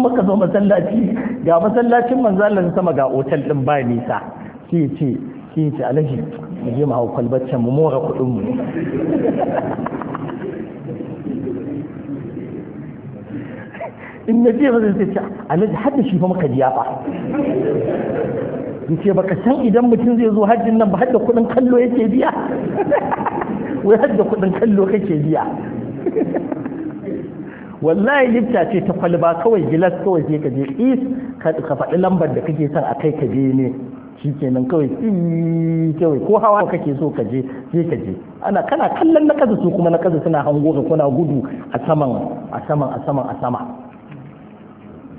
Speaker 1: maka zo masallaci ga masallacin manzalar sama ga otal din ba nisa ki ce ki ce alaji mu je mu hawo kwalbaccen mu mora kuɗin mu in na ce masa sai ce alhaji hadda shi fa maka jiya fa ya ce baka san idan mutum zai zo hajjin nan ba hadda kuɗin kallo yake biya wai hadda kuɗin kallo kake biya wallahi lifta ce ta kwalba kawai gilas kawai je ka je is ka faɗi lambar da kake son a kai ka je ne shi kenan kawai kawai ko hawa kake so ka je je ka je ana kana kallon na kasa su kuma na kasa suna hango ka kuna gudu a saman a saman a saman a sama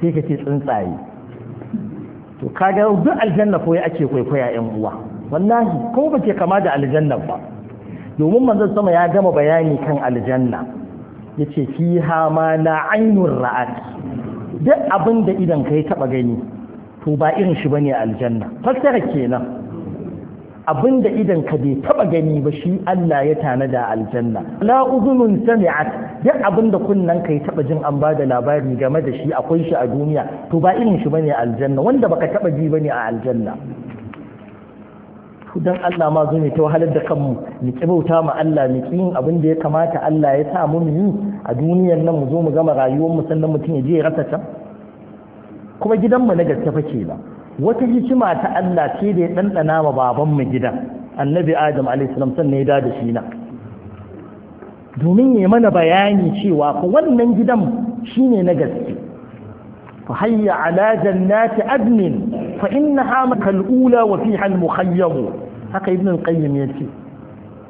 Speaker 1: sai ka ce tsuntsaye to kaga duk aljanna ko ya ake kwaikwaya yan uwa wallahi ko ba ke kama da aljanna ba domin manzon sama ya gama bayani kan aljanna Yace ce fi ma na ainihin ra'ad duk abin da idan ka yi taɓa gani to ba irin shi ba ne aljanna fassara kenan abin da idan ka bai taɓa gani ba shi Allah ya tana da aljanna la uzunun sami'at duk abin da kunnan ka yi taɓa jin an ba da labari game da shi akwai shi a duniya to ba irin shi bane aljanna wanda baka taɓa ji bane a aljanna Kudan Allah ma zo ne ta wahalar da kanmu mu ki bauta ma Allah mu ki yin abin da ya kamata Allah ya sa mu yi a duniyar nan mu zo mu gama rayuwar mu sannan mutum ya je ya rasa ta kuma gidan mu na gaske fa ke ba wata hikima ta Allah ce da ya dandana ma baban mu gida annabi Adam alaihi salam sannan ya da shi na domin ya mana bayani cewa ko wannan gidan shine na gaske فهيا على جنات عدن فإنها كالأولى وفيها المخيم haka ibn al-qayyim yace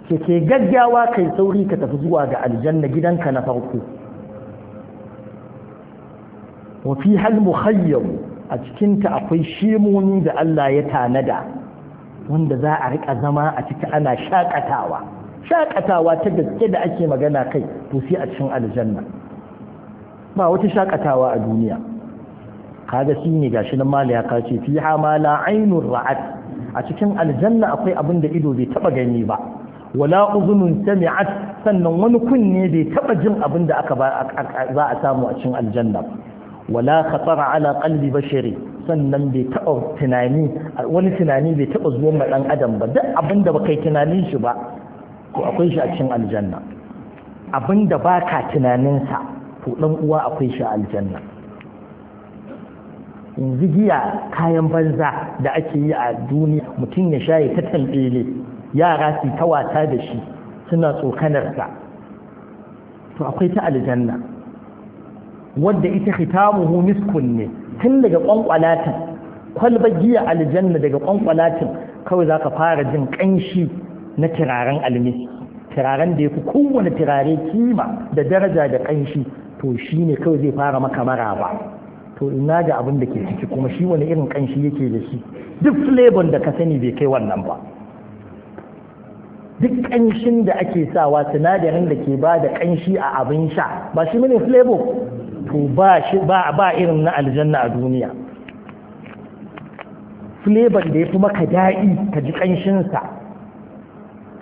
Speaker 1: ke ke gaggawa kai sauri ka tafi zuwa ga aljanna gidanka na farko wa fi hal mukhayyam a cikinta akwai shimoni da Allah ya tanada wanda za a rika zama a ciki ana shakatawa shakatawa ta gaske da ake magana kai to a cikin aljanna ba wata shakatawa a duniya kaga shi ne gashi nan mala ya kace fi ha ma la ainur ra'at a cikin aljanna akwai abin da ido bai taba gani ba wala uzunun sami'at sannan wani kunne bai taba jin abin da aka za a samu a cikin aljanna wala khatar ala qalbi bashari sannan bai taɓa tunani wani tunani bai taba zuwa ma ɗan adam ba duk abin da baka tunanin shi ba ko akwai shi a cikin aljanna abin da baka tunaninsa to dan uwa akwai shi a aljanna yanzu giya kayan banza da ake yi a duniya mutum ya sha ya ta tambele yara su ta wata da shi suna tsokanarsa to akwai ta aljanna wadda ita hitamuhu miskun ne tun daga kwankwalatin kwalba giya aljanna daga kwankwalatin kawai za ka fara jin kanshi na tiraren almi turaren da ya fi kowane turare kima da daraja da kanshi to shi ne kawai zai fara maka maraba to ina ga abin da ke ciki kuma shi wani irin kanshi yake da shi duk flavor da ka sani bai kai wannan ba duk kanshin da ake sawa sinadarin da ke ba da kanshi a abin sha ba shi mini flavor to ba shi ba ba irin na aljanna a duniya flavor da ya fi maka daɗi ka ji kanshin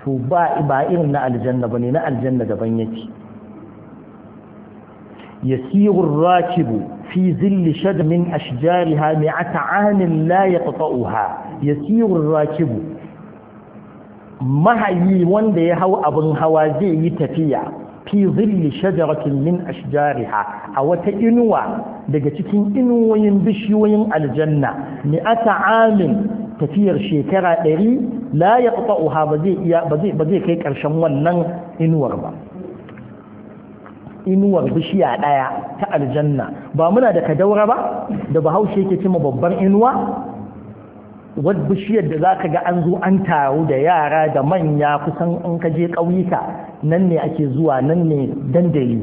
Speaker 1: to ba ba irin na aljanna ne na aljanna daban yake يسير الراكب في ظل شجر من أشجارها مئة عام لا يقطعها يسير الراكب mahayi wanda ya hau abin hawa zai yi tafiya fi zilli shajaratin min ashjariha a wata inuwa daga cikin inuwoyin bishiyoyin aljanna ni ata amin tafiyar shekara ɗari la ya ba zai kai ƙarshen wannan inuwar ba inuwar bishiya ɗaya ta aljanna ba muna da kadaura ba da bahaushe yake cima babban inuwa wadda bishiyar da za ka ga an zo an taru da yara da manya kusan in ka je ƙauyuka nan ne ake zuwa nan ne dandali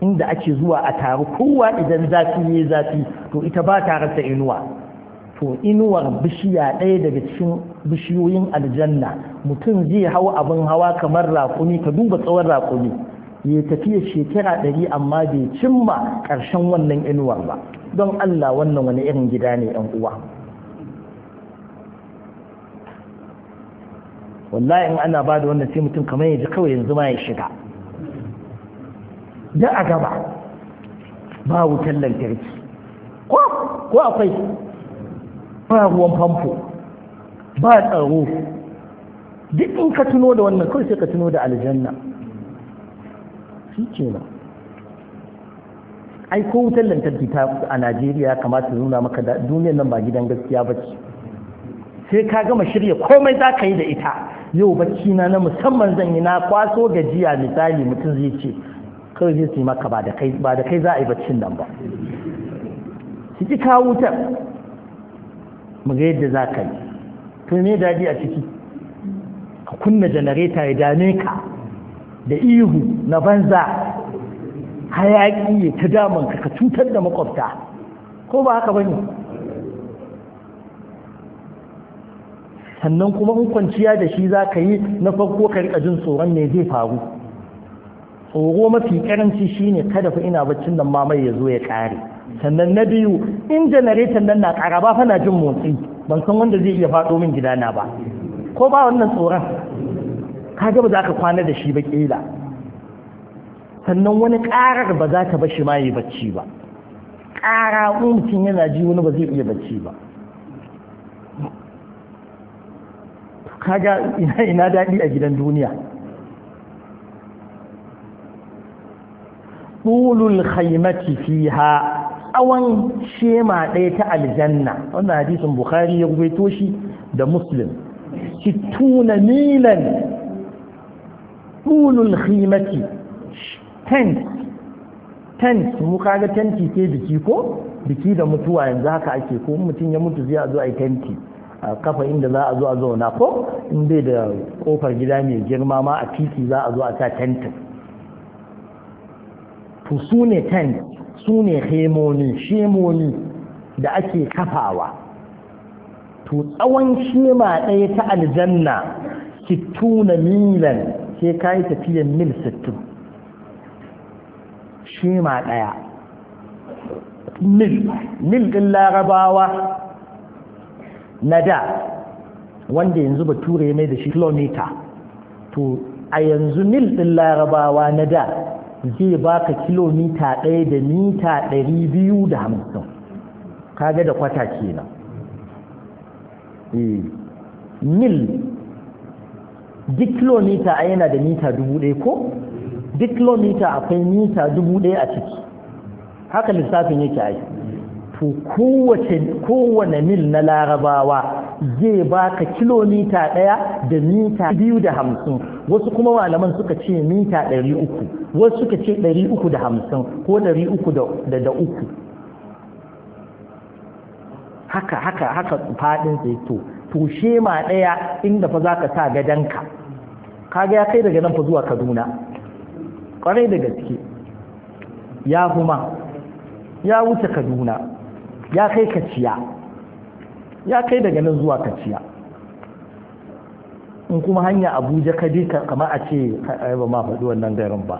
Speaker 1: inda ake zuwa a taru kowa idan zafi ya zafi to ita ba ta rasa inuwa to inuwar bishiya ɗaya daga cikin bishiyoyin aljanna mutum zai hau abin hawa kamar raƙumi ka duba tsawon raƙumi ya tafiya shekara ɗari amma bai cimma ƙarshen wannan inuwar ba don Allah wannan wani irin gida ne ‘yan uwa wallahi in ana ba da wannan sai mutum kamar ya ji kawai yanzu ma ya shiga da a gaba ba wutar lantarki ko ko akwai ba ruwan famfo ba tsaro duk in ka tuno da wannan kawai sai ka tuno da aljanna shi kenan ai ko wutar lantarki ta a najeriya kamata nuna maka da duniyar nan ba gidan gaskiya ba ce sai ka gama shirya komai za ka yi da ita yau bacci na na musamman zan yi na kwaso gajiya misali mutum zai ce kawai zai yi maka ba da kai za a yi baccin nan ba su ki kawo wutar mu ga yadda za ka yi to ne daɗi a ciki ka kunna janareta ya dame ka da ihu na banza hayaƙi ya ta damar ka cutar da makwabta ko ba haka bane sannan kuma in da shi za ka yi na farko ka tsoron ne zai faru tsoro mafi karanci shi ne kada fa ina baccin nan mamai ya zo ya kare sannan na biyu in janaretan nan na kara ba fa jin motsi ban san wanda zai iya faɗo min gidana ba ko ba wannan tsoron Ka ga ba za ka kwana da shi ba kila sannan wani karar ba za ka bashi ma yi bacci ba kara mutum yana ji wani ba zai iya bacci ba Ka ga ina daɗi a gidan duniya tulul khaimati fiha tsawon shema ɗaya ta aljanna wannan hadisin bukhari ya rubuto shi da muslim tuna milan tulul himati, tent tent mu kaga tenti ke biki ko biki da mutuwa yanzu haka ake ko mutum ya mutu zai a zo a a kafa inda za a zo a zauna ko in bai da kofar gida mai girma ma a titi za a zo a sa tentin to su ne tent su ne hemoni shemoni da ake kafawa to tsawon shema ɗaya ta aljanna tuna milan sai ka yi tafiyan mil 60 shi ma ɗaya mil mil ɗin larabawa na da wanda yanzu ba bature mai da shi kilomita to a yanzu mil ɗin larabawa na da zai baka kilomita ɗaya da mita ɗari biyu da hamsin kaga da kwata kenan eh, mil duk kilomita a yana da mita dubu ɗaya ko duk kilomita akwai mita dubu ɗaya a ciki haka lissafin yake yi. to kowace kowane mil na larabawa zai baka kilomita ɗaya da mita biyu da hamsin wasu kuma malaman suka ce mita ɗari uku wasu suka ce ɗari uku da hamsin ko ɗari uku da uku haka haka haka faɗin tsaye to to shema ɗaya inda fa za ka sa gadonka kaga ya kai daga nan fa zuwa kaduna kwarai da gaske ya huma ya wuce kaduna ya kai kaciya ya kai daga nan zuwa kaciya in kuma hanya abuja ka je kamar a ce ba ma faɗi wannan garin ba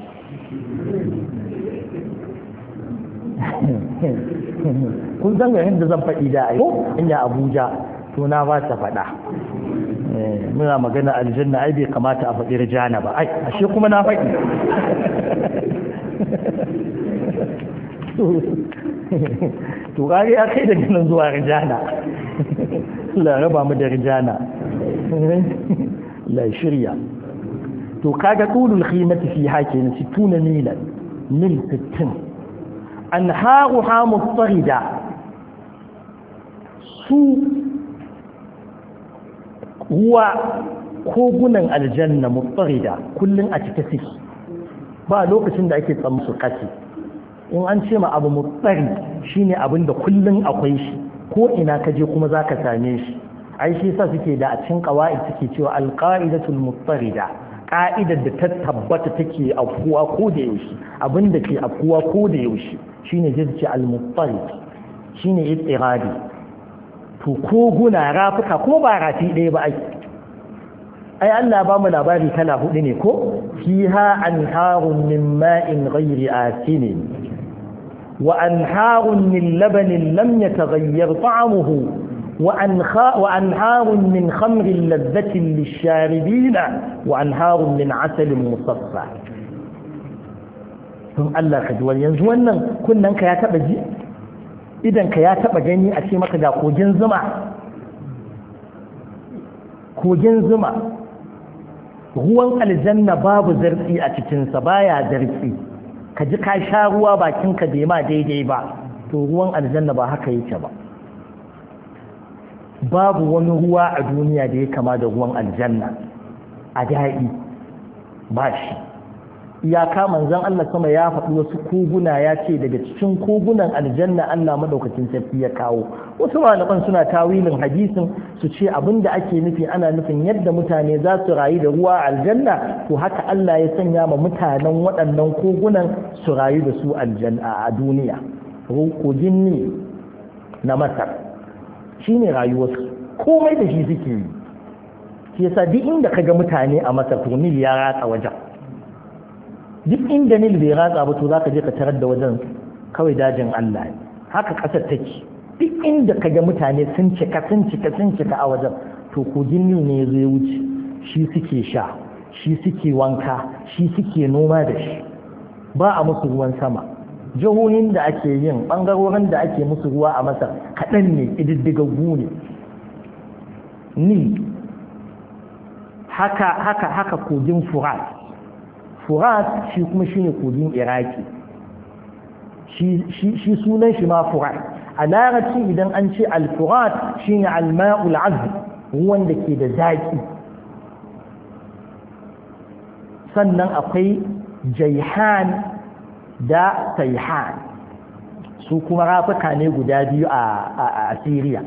Speaker 1: kun san garin da zan faɗi da aiko hanya abuja to na ba ta faɗa Eh, muna magana aljanna ai bai kamata a faɗi rijana ba ai ashe kuma na faɗi to kare ya kai daga nan zuwa rijana la raba mu da rijana la shirya to kaga tulul khimati fi hakin tuna milan mil 60 anharuha mustarida su ruwa kogunan aljanna mutsarida kullum a cike suke ba lokacin da ake tsamu su kace in an ce ma abu mutsari shine abin da kullum akwai shi ko ina ka je kuma zaka same shi ai shi sa suke da a cikin qawaid suke cewa alqaidatul mutsarida ka'idar da ta tabbata take afuwa ko da yaushe abin da ke afuwa ko da yaushe shine zai ce al mutsarid shine ittiradi to koguna rafuka ko ba rafi ɗaya ba ai ai Allah ba mu labari kala hudu ne ko fiha anharun min ma'in ghairi asinin wa anharun min labanin lam yataghayyar ta'amuhu wa وأنهار من خمر لذة للشاربين وأنهار من عسل مصفى ثم الله كدوال ينزو wannan kunnan ka ya taba ji Idan ka ya taba gani a ce maka ga kogin zuma kogin zuma ruwan aljanna babu zartsi a cikinsa baya zartsi ka ji ka sha ruwa bakinka bai ma daidai ba to ruwan aljanna ba haka yake ba babu wani ruwa a duniya da ya kama da ruwan aljanna a daɗi ba shi Ya iyaka manzon Allah sama ya faɗi wasu koguna ya ce daga cikin kogunan aljanna Allah madaukakin sarki ya kawo wasu malaman suna tawilin hadisin su ce abinda ake nufi ana nufin yadda mutane za su rayu da ruwa aljanna to haka Allah ya sanya ma mutanen waɗannan kogunan su rayu da su aljanna a duniya kogin ne na masar shi ne rayuwarsu komai da shi suke yi shi yasa duk inda kaga mutane a masar to ya ratsa wajen duk inda nil bai ratsa ba to zaka je ka tarar da wajen kawai dajin Allah haka kasar take duk inda ka ga mutane sun cika sun cika sun cika a wajen to kogin nil ne ya wuce shi suke sha shi suke wanka shi suke noma da shi ba a musu ruwan sama jihohin da ake yin bangarorin da ake musu ruwa a masar kaɗan ne ƙididdigaggu ne ni haka haka haka kogin furat furat shi kuma shi ne kudin iraki shi sunan shi ma furat a larabci idan an ce al-furat shine al-ma'ul ruwan da ke da zaki sannan akwai jaihan da taihan su kuma rafuka ne guda biyu a Syria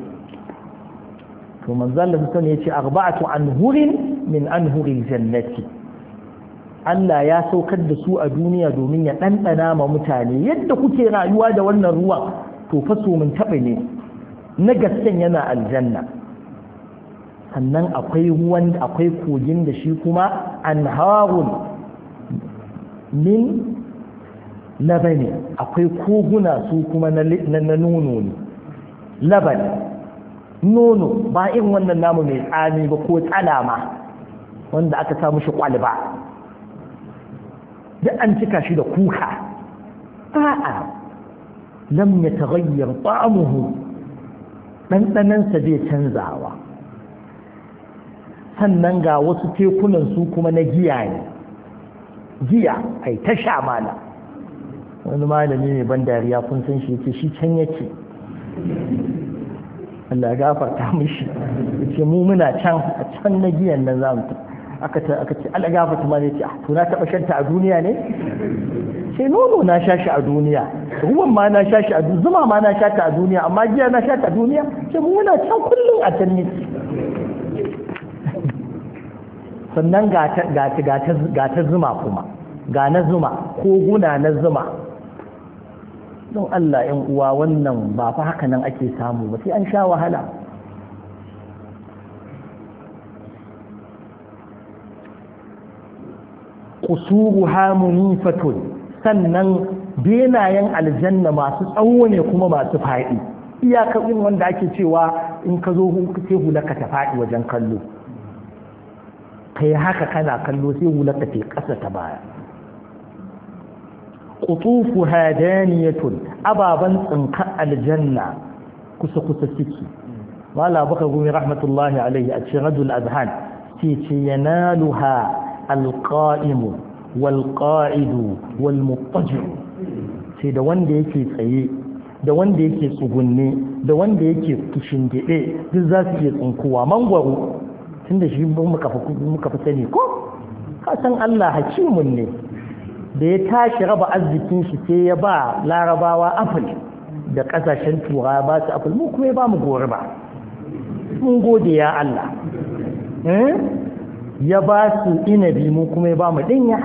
Speaker 1: to manzon da ya ce arba'atu anhurin min anhuril jannati Allah ya saukar da su a duniya domin ya ɗanɗana ma mutane yadda kuke rayuwa da wannan ruwan to fa mun taɓa ne na gasken yana aljanna sannan akwai ruwan akwai kogin da shi kuma anharun min labani akwai koguna su kuma na nono ne labani nono ba irin wannan namu mai tsami ba ko tsalama wanda aka samu shi kwalba duk an cika shi da kuka a'a lam ya tagayyar ta'amuhu ɗanɗanansa zai canzawa sannan ga wasu tekunan su kuma na giya ne giya ai ta sha mala wani malami ne ban dariya kun san shi yake shi can yake Allah gafarta mishi yace mu muna can a can na giyan nan za mu aka ce aka ce Allah ya ma ne ce ah, to na taba shanta a duniya ne sai nono na sha shi a duniya ruwan ma na sha shi a duniya zuma ma na sha ta a duniya amma giya na sha ta a duniya sai mu muna can kullum a can sannan ga ta ga ga ta zuma kuma ga na zuma koguna na zuma don Allah ‘yan uwa wannan ba fa haka nan ake samu ba sai an sha wahala kusuruha munifatun sannan benayen aljanna masu tsawo ne kuma masu faɗi iyakar yin wanda ake cewa in ka zo sai hulaka ta faɗi wajen kallo kai haka kana kallo sai hulaka ta ƙasa ta baya qutufu hadaniyatun ababan tsinka aljanna kusa kusa suke wala baka gumi rahmatullahi alaihi a cikin rajul azhan ce ce yanaluha Alƙa'imu walƙa'idu qa'idu sai da wanda yake tsaye da wanda yake tsugunne da wanda yake kishingide duk za su iya tsinkuwa mangwaro da shi muka fi sani ko kasan Allah hakimun ne da ya tashi raba arzikin shi sai ya ba larabawa afil da kasashen turawa ba su afil mu kuma ya ba mu gori ba mun gode ya Allah eh? ya ba su inabi mu kuma ya ba mu dinya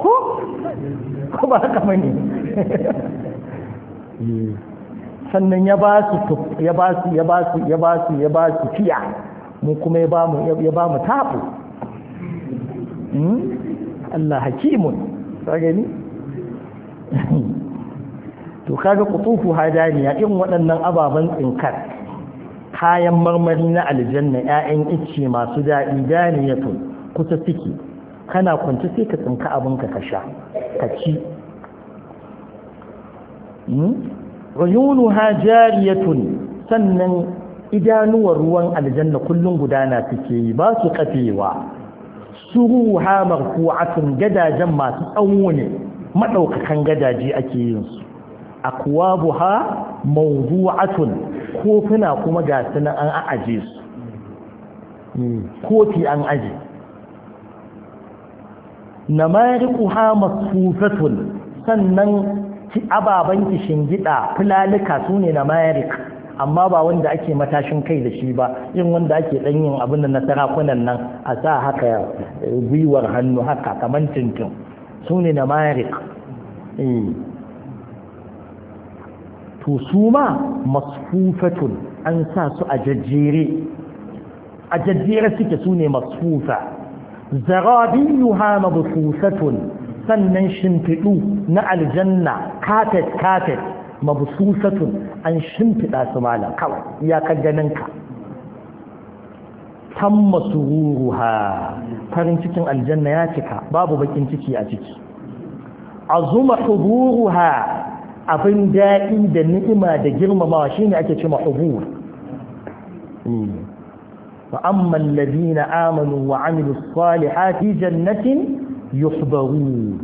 Speaker 1: ko ko ba haka mani? Eh, sannan ya ba su ya ba su ya ba su ya ba su ya ba su fiya mu kuma ya ba mu ya ba mu tafu hmm? Allah hakimun ka gani to kaga kutufu hadaniya in waɗannan ababen tsinkar kayan marmari na aljanna 'ya'yan icce masu daɗi daniyatun kusa suke kana kwanci sai ka tsinka abinka ka sha ka ci ruyunuha hmm? jariyatun sannan idanuwar ruwan aljanna kullum gudana suke yi ba su kafewa suruha marfu'atun gadajen masu tsawo ne maɗaukakan gadaje ake yin su akwabuha mawdu'atun kofuna kuma ga suna an aje su hmm. kofi an aje na mariku ha masufatun sannan ababen kishin gida fulalika su ne na mariku amma ba wanda ake matashin kai da shi ba yin wanda ake ɗanyin abin da nasara sarakunan nan a sa haka eh, gwiwar hannu haka kamar tuntun su ne na mariku hmm. to su ma masfufatun an sa su a jajjere a jajjere suke su ne masfufa zarabiyuha mabsusatun sannan shimfiɗu na aljanna kafet kafet mabsusatun an shimfiɗa su malam kawai iyakar ganinka tamma sururuha farin cikin aljanna ya cika babu bakin ciki a ciki azuma huduruha abin daɗi da ni'ima da shi shine ake cewa hubur wa hmm. amma alladhina amanu wa amilu salihati jannatin yuhbarun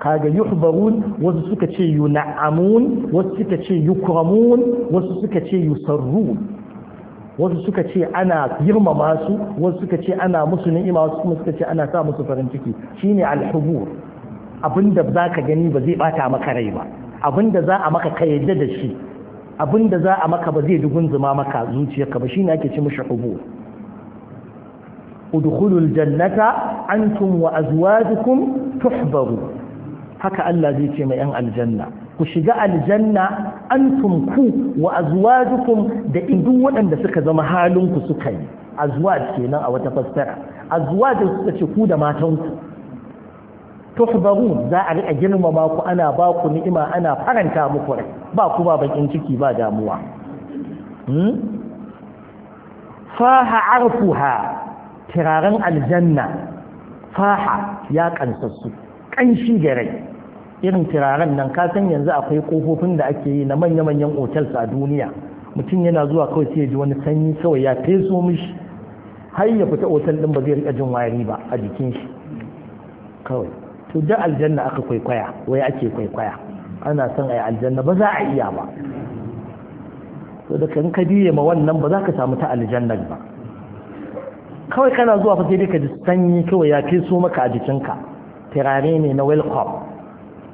Speaker 1: kaga yuhbarun wasu suka ce yun'amun wasu suka ce yukramun wasu suka ce yusarrun wasu suka ce ana girmama su wasu suka ce ana musu ni'ima wasu kuma suka ce ana sa musu farin ciki shine alhubur abinda zaka gani ba zai bata maka rai ba abinda za a maka ka yadda da shi abinda za a maka ba zai dugun zuma maka zuciyarka ba ne ake ce mishi hubu udkhulul jannata antum wa azwajukum tuhbaru haka Allah zai ce mai yan aljanna ku shiga aljanna antum ku wa azwajukum da duk waɗanda suka zama halinku suka yi azwaj kenan a wata fassara azwaj suka ce ku da matanku tuhbarun za a riƙa girmama ku ana ba ku ni'ima ana faranta muku rai ba ku ba bakin ciki ba damuwa hmm? faha arfuha turaren aljanna faha ya kansassu kanshi da rai irin turaren nan ka san yanzu akwai kofofin da ake yi na manya-manyan otels a duniya mutum yana zuwa kawai sai ji wani sanyi kawai ya feso mishi har ya fita otal din ba zai riƙa jin wari ba a jikin shi kawai to da aljanna aka kwaikwaya wai ake kwaikwaya ana son a yi aljanna ba za a iya ba to da kan ka biye ma wannan ba za ka samu ta aljannar ba kawai kana zuwa fa sai ka ji sanyi kawai ya feso maka a jikinka turare ne na welcome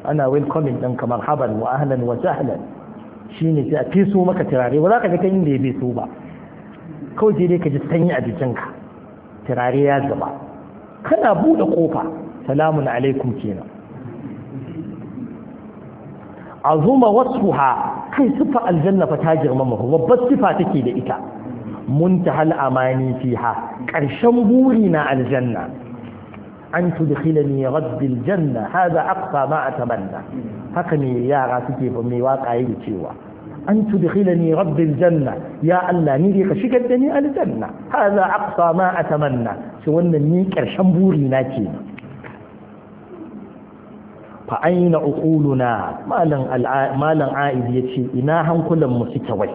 Speaker 1: ana welcoming ɗin kamar haban wa ahlan wa sahlan shine sai a feso maka turare ba za ka ga kan inda ya so ba kawai sai ka ji sanyi a jikinka turare ya zuba kana buɗe kofa salamun alaikum kenan azuma wasfuha kai sifa aljanna fa ta girmama babbar sifa take da ita muntahal amani fiha ƙarshen buri na aljanna an tudkhilani rabbi aljanna hada aqsa ma atamanna haka ne yara suke ba mai waka yi cewa an tudkhilani rabbi aljanna ya Allah ni ka shigar da ni aljanna hada aqsa ma atamanna shi wannan ni ƙarshen buri na kenan Fa'aina aina malam malan malan aid yace ina hankulan mu suke wai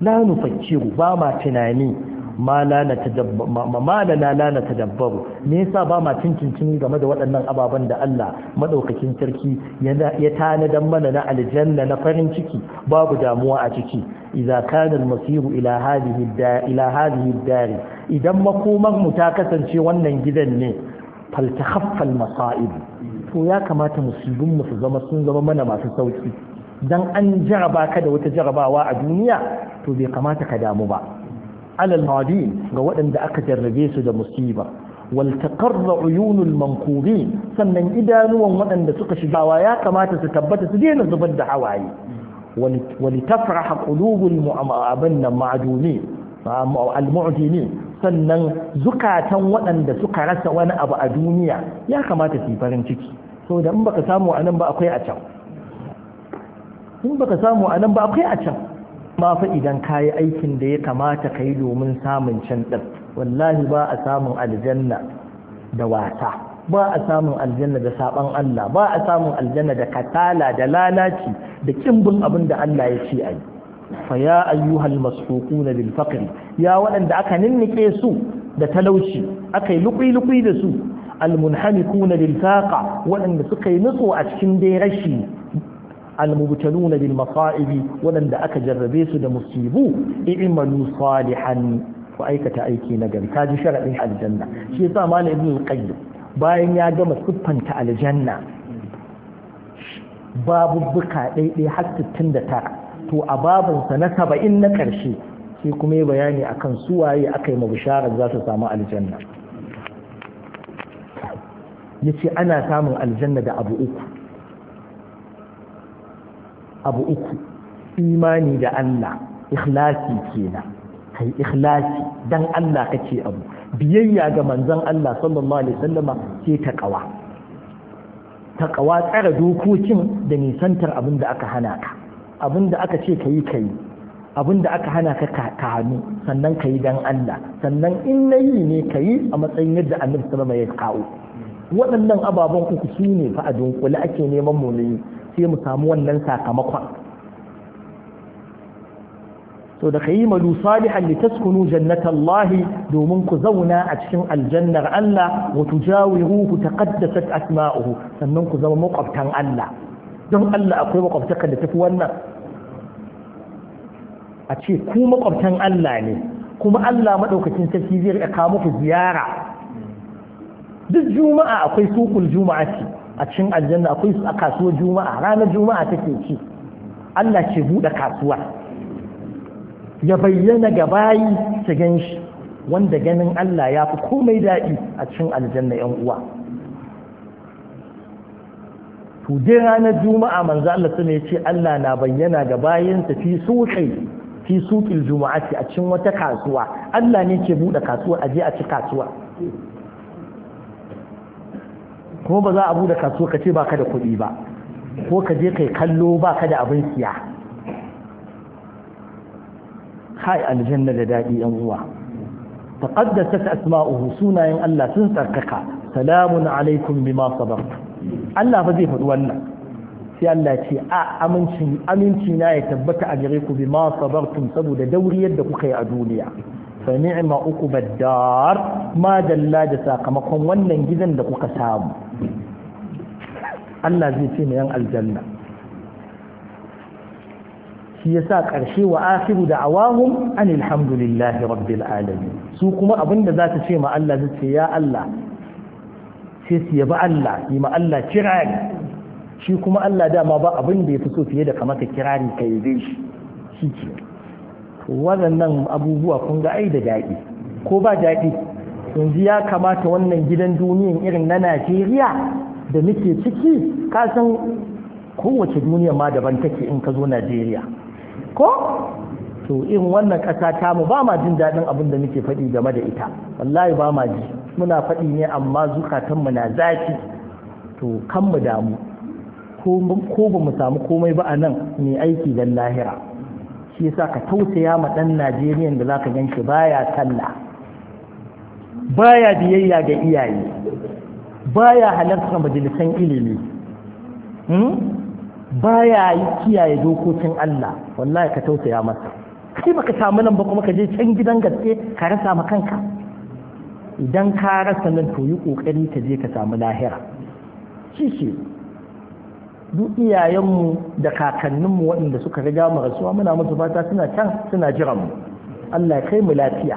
Speaker 1: la nufakkiru ba ma tunani ma lana ta dabbaru. me yasa ba ma cincincin game da waɗannan ababen da Allah madaukakin sarki ya tanadan mana na aljanna na farin ciki babu damuwa a ciki Iza kanin Masiru ila idan makomar mu ta kasance wannan gidan ne haffal masa'ibu. to ya kamata mu su zama sun zama mana masu sauki dan an jaraba ka da wata jarabawa a duniya to bai kamata ka damu ba alal ga waɗanda aka jarrabe su da musiba wal taqarra uyunul mankubin sannan idanuwan waɗanda suka shigawa ya kamata su tabbata su daina zubar da hawaye wal tafraha qulubul mu'amaban ma'dumin al-mu'jini sannan zukatan waɗanda suka rasa wani abu a duniya ya kamata su farin ciki so da in baka samu a ba akwai a can in baka samu a ba akwai a can ma fa idan kayi aikin da ya kamata ka domin samun can din wallahi ba a samun aljanna da wata ba a samun aljanna da saban Allah ba a samun aljanna da katala da lalaci da kimbin abin da Allah ya ce a yi fa ya ayyuhal masfuquna bil faqr ya waɗanda aka ninnike su da talauci aka yi lukui-lukui da su almunhamikuna bil saqa waɗanda suka yi nutsu a cikin dai rashi na bil masaibi waɗanda aka jarrabe su da musibu i'malu salihan ku aikata aiki na gari ta ji sharadin aljanna shi yasa malam ibnu qayyim bayan ya gama siffanta aljanna babu buka ɗaiɗai har 69 to a babinsa na saba'in na ƙarshe sai kuma yi bayani akan suwaye aka yi ma bisharar za su samu aljanna ya ce ana samun aljanna da abu uku abu uku imani da Allah ikhlasi kenan kai ikhlasi dan Allah kake abu biyayya ga manzon Allah sallallahu alaihi wasallama ce Ta taqwa tsara dokokin da nisantar abin da aka hana ka da aka ce ka yi ka yi aka hana ka ka hannu sannan ka yi don Allah sannan in na yi ne ka yi a matsayin yadda annabi sallama ya kawo waɗannan ababen uku su ne fa a dunkule ake neman mumini sai mu samu wannan sakamakon to da ka yi malu salihan li taskunu jannatallahi domin ku zauna a cikin aljannar Allah wa tujawiru ku taqaddasat asma'uhu sannan ku zama makwabtan Allah don Allah akwai makwabtaka da tafi wannan a ce ku makwabtan Allah ne kuma Allah maɗaukacin sarki zai ya kawo muku ziyara duk juma'a akwai sukul juma'a ce a cikin aljanna akwai a kasuwar juma'a ranar juma'a take ci Allah ke buɗe kasuwa ya bayyana ga bayi ta gan shi wanda ganin Allah ya fi komai daɗi a cikin aljanna ‘yan uwa. To dai ranar Juma'a manzo Allah su ya ce Allah na bayyana ga ta fi sosai fi juma'a jumu'ati a cikin wata kasuwa Allah ne ke bude kasuwa je a ci kasuwa kuma ba za a bude kasuwa ka ce ka da kuɗi ba ko ka je kai kallo ka da abin siya kai aljanna da daɗi yan uwa ta asma'uhu sunayen Allah sun tsarkaka salamun alaikum bima sabar Allah fa zai faɗi wannan sai Allah ce a aminci na ya tabbata a gare ku bima sabartum saboda dauriyar da kuka yi a duniya fa ni'ma uku baddar ma dalla da sakamakon wannan gidan da kuka samu Allah zai ce mai yan aljanna shi yasa karshe wa akhiru da'awahum an alhamdulillahi rabbil alamin su kuma abinda za ta ce ma Allah zai ce ya Allah sai su yabi Allah yi ma Allah kirari shi kuma Allah dama ba abin da ya fi so fiye da kamata kirari ka zai shi shi ke waɗannan abubuwa kun ga ai da daɗi ko ba daɗi yanzu ya kamata wannan gidan duniyan irin na Najeriya da muke ciki ka san kowace duniya ma daban take in ka zo Najeriya ko to irin wannan ƙasa ta mu ba ma jin daɗin abin da muke faɗi game da ita wallahi ba ma ji muna faɗi ne amma zukatanmu na zafi to kan mu damu ko ba mu samu komai ba a nan mai aiki don lahira shi yasa ka tausaya ma ɗan najeriyan da zaka gan shi baya talla baya biyayya ga iyaye baya halartar majalisan ilimi hmm? baya kiyaye dokokin Allah wallahi ka tausaya masa kai baka samu nan ba kuma ka je can gidan gaske ka rasa ma kanka idan ka rasa nan to yi kokari ka je ka samu lahira shi duk iyayenmu da kakanninmu waɗanda suka riga mu rasuwa muna musu fata suna can suna jiran mu Allah kai mu lafiya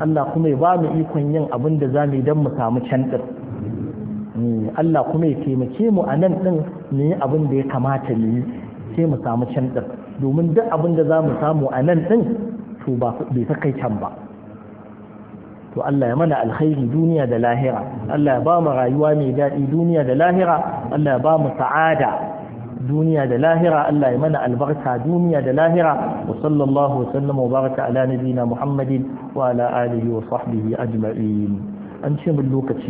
Speaker 1: Allah kuma ya ba mu ikon yin abin da za mu mu samu can din eh, Allah kuma ya taimake mu a nan ɗin mu yi abin da ya kamata mu yi sai mu samu can din domin duk abin da zamu samu a nan ɗin to ba bai ta kai can ba to Allah ya mana alkhairi duniya da lahira Allah ya ba mu rayuwa mai daɗi duniya da lahira Allah ya ba mu sa'ada duniya da lahira Allah ya mana albarka duniya da lahira wa sallallahu wa sallama wa baraka
Speaker 2: ala nabina Muhammadin wa ala alihi wa sahbihi ajma'in an ce mun lokaci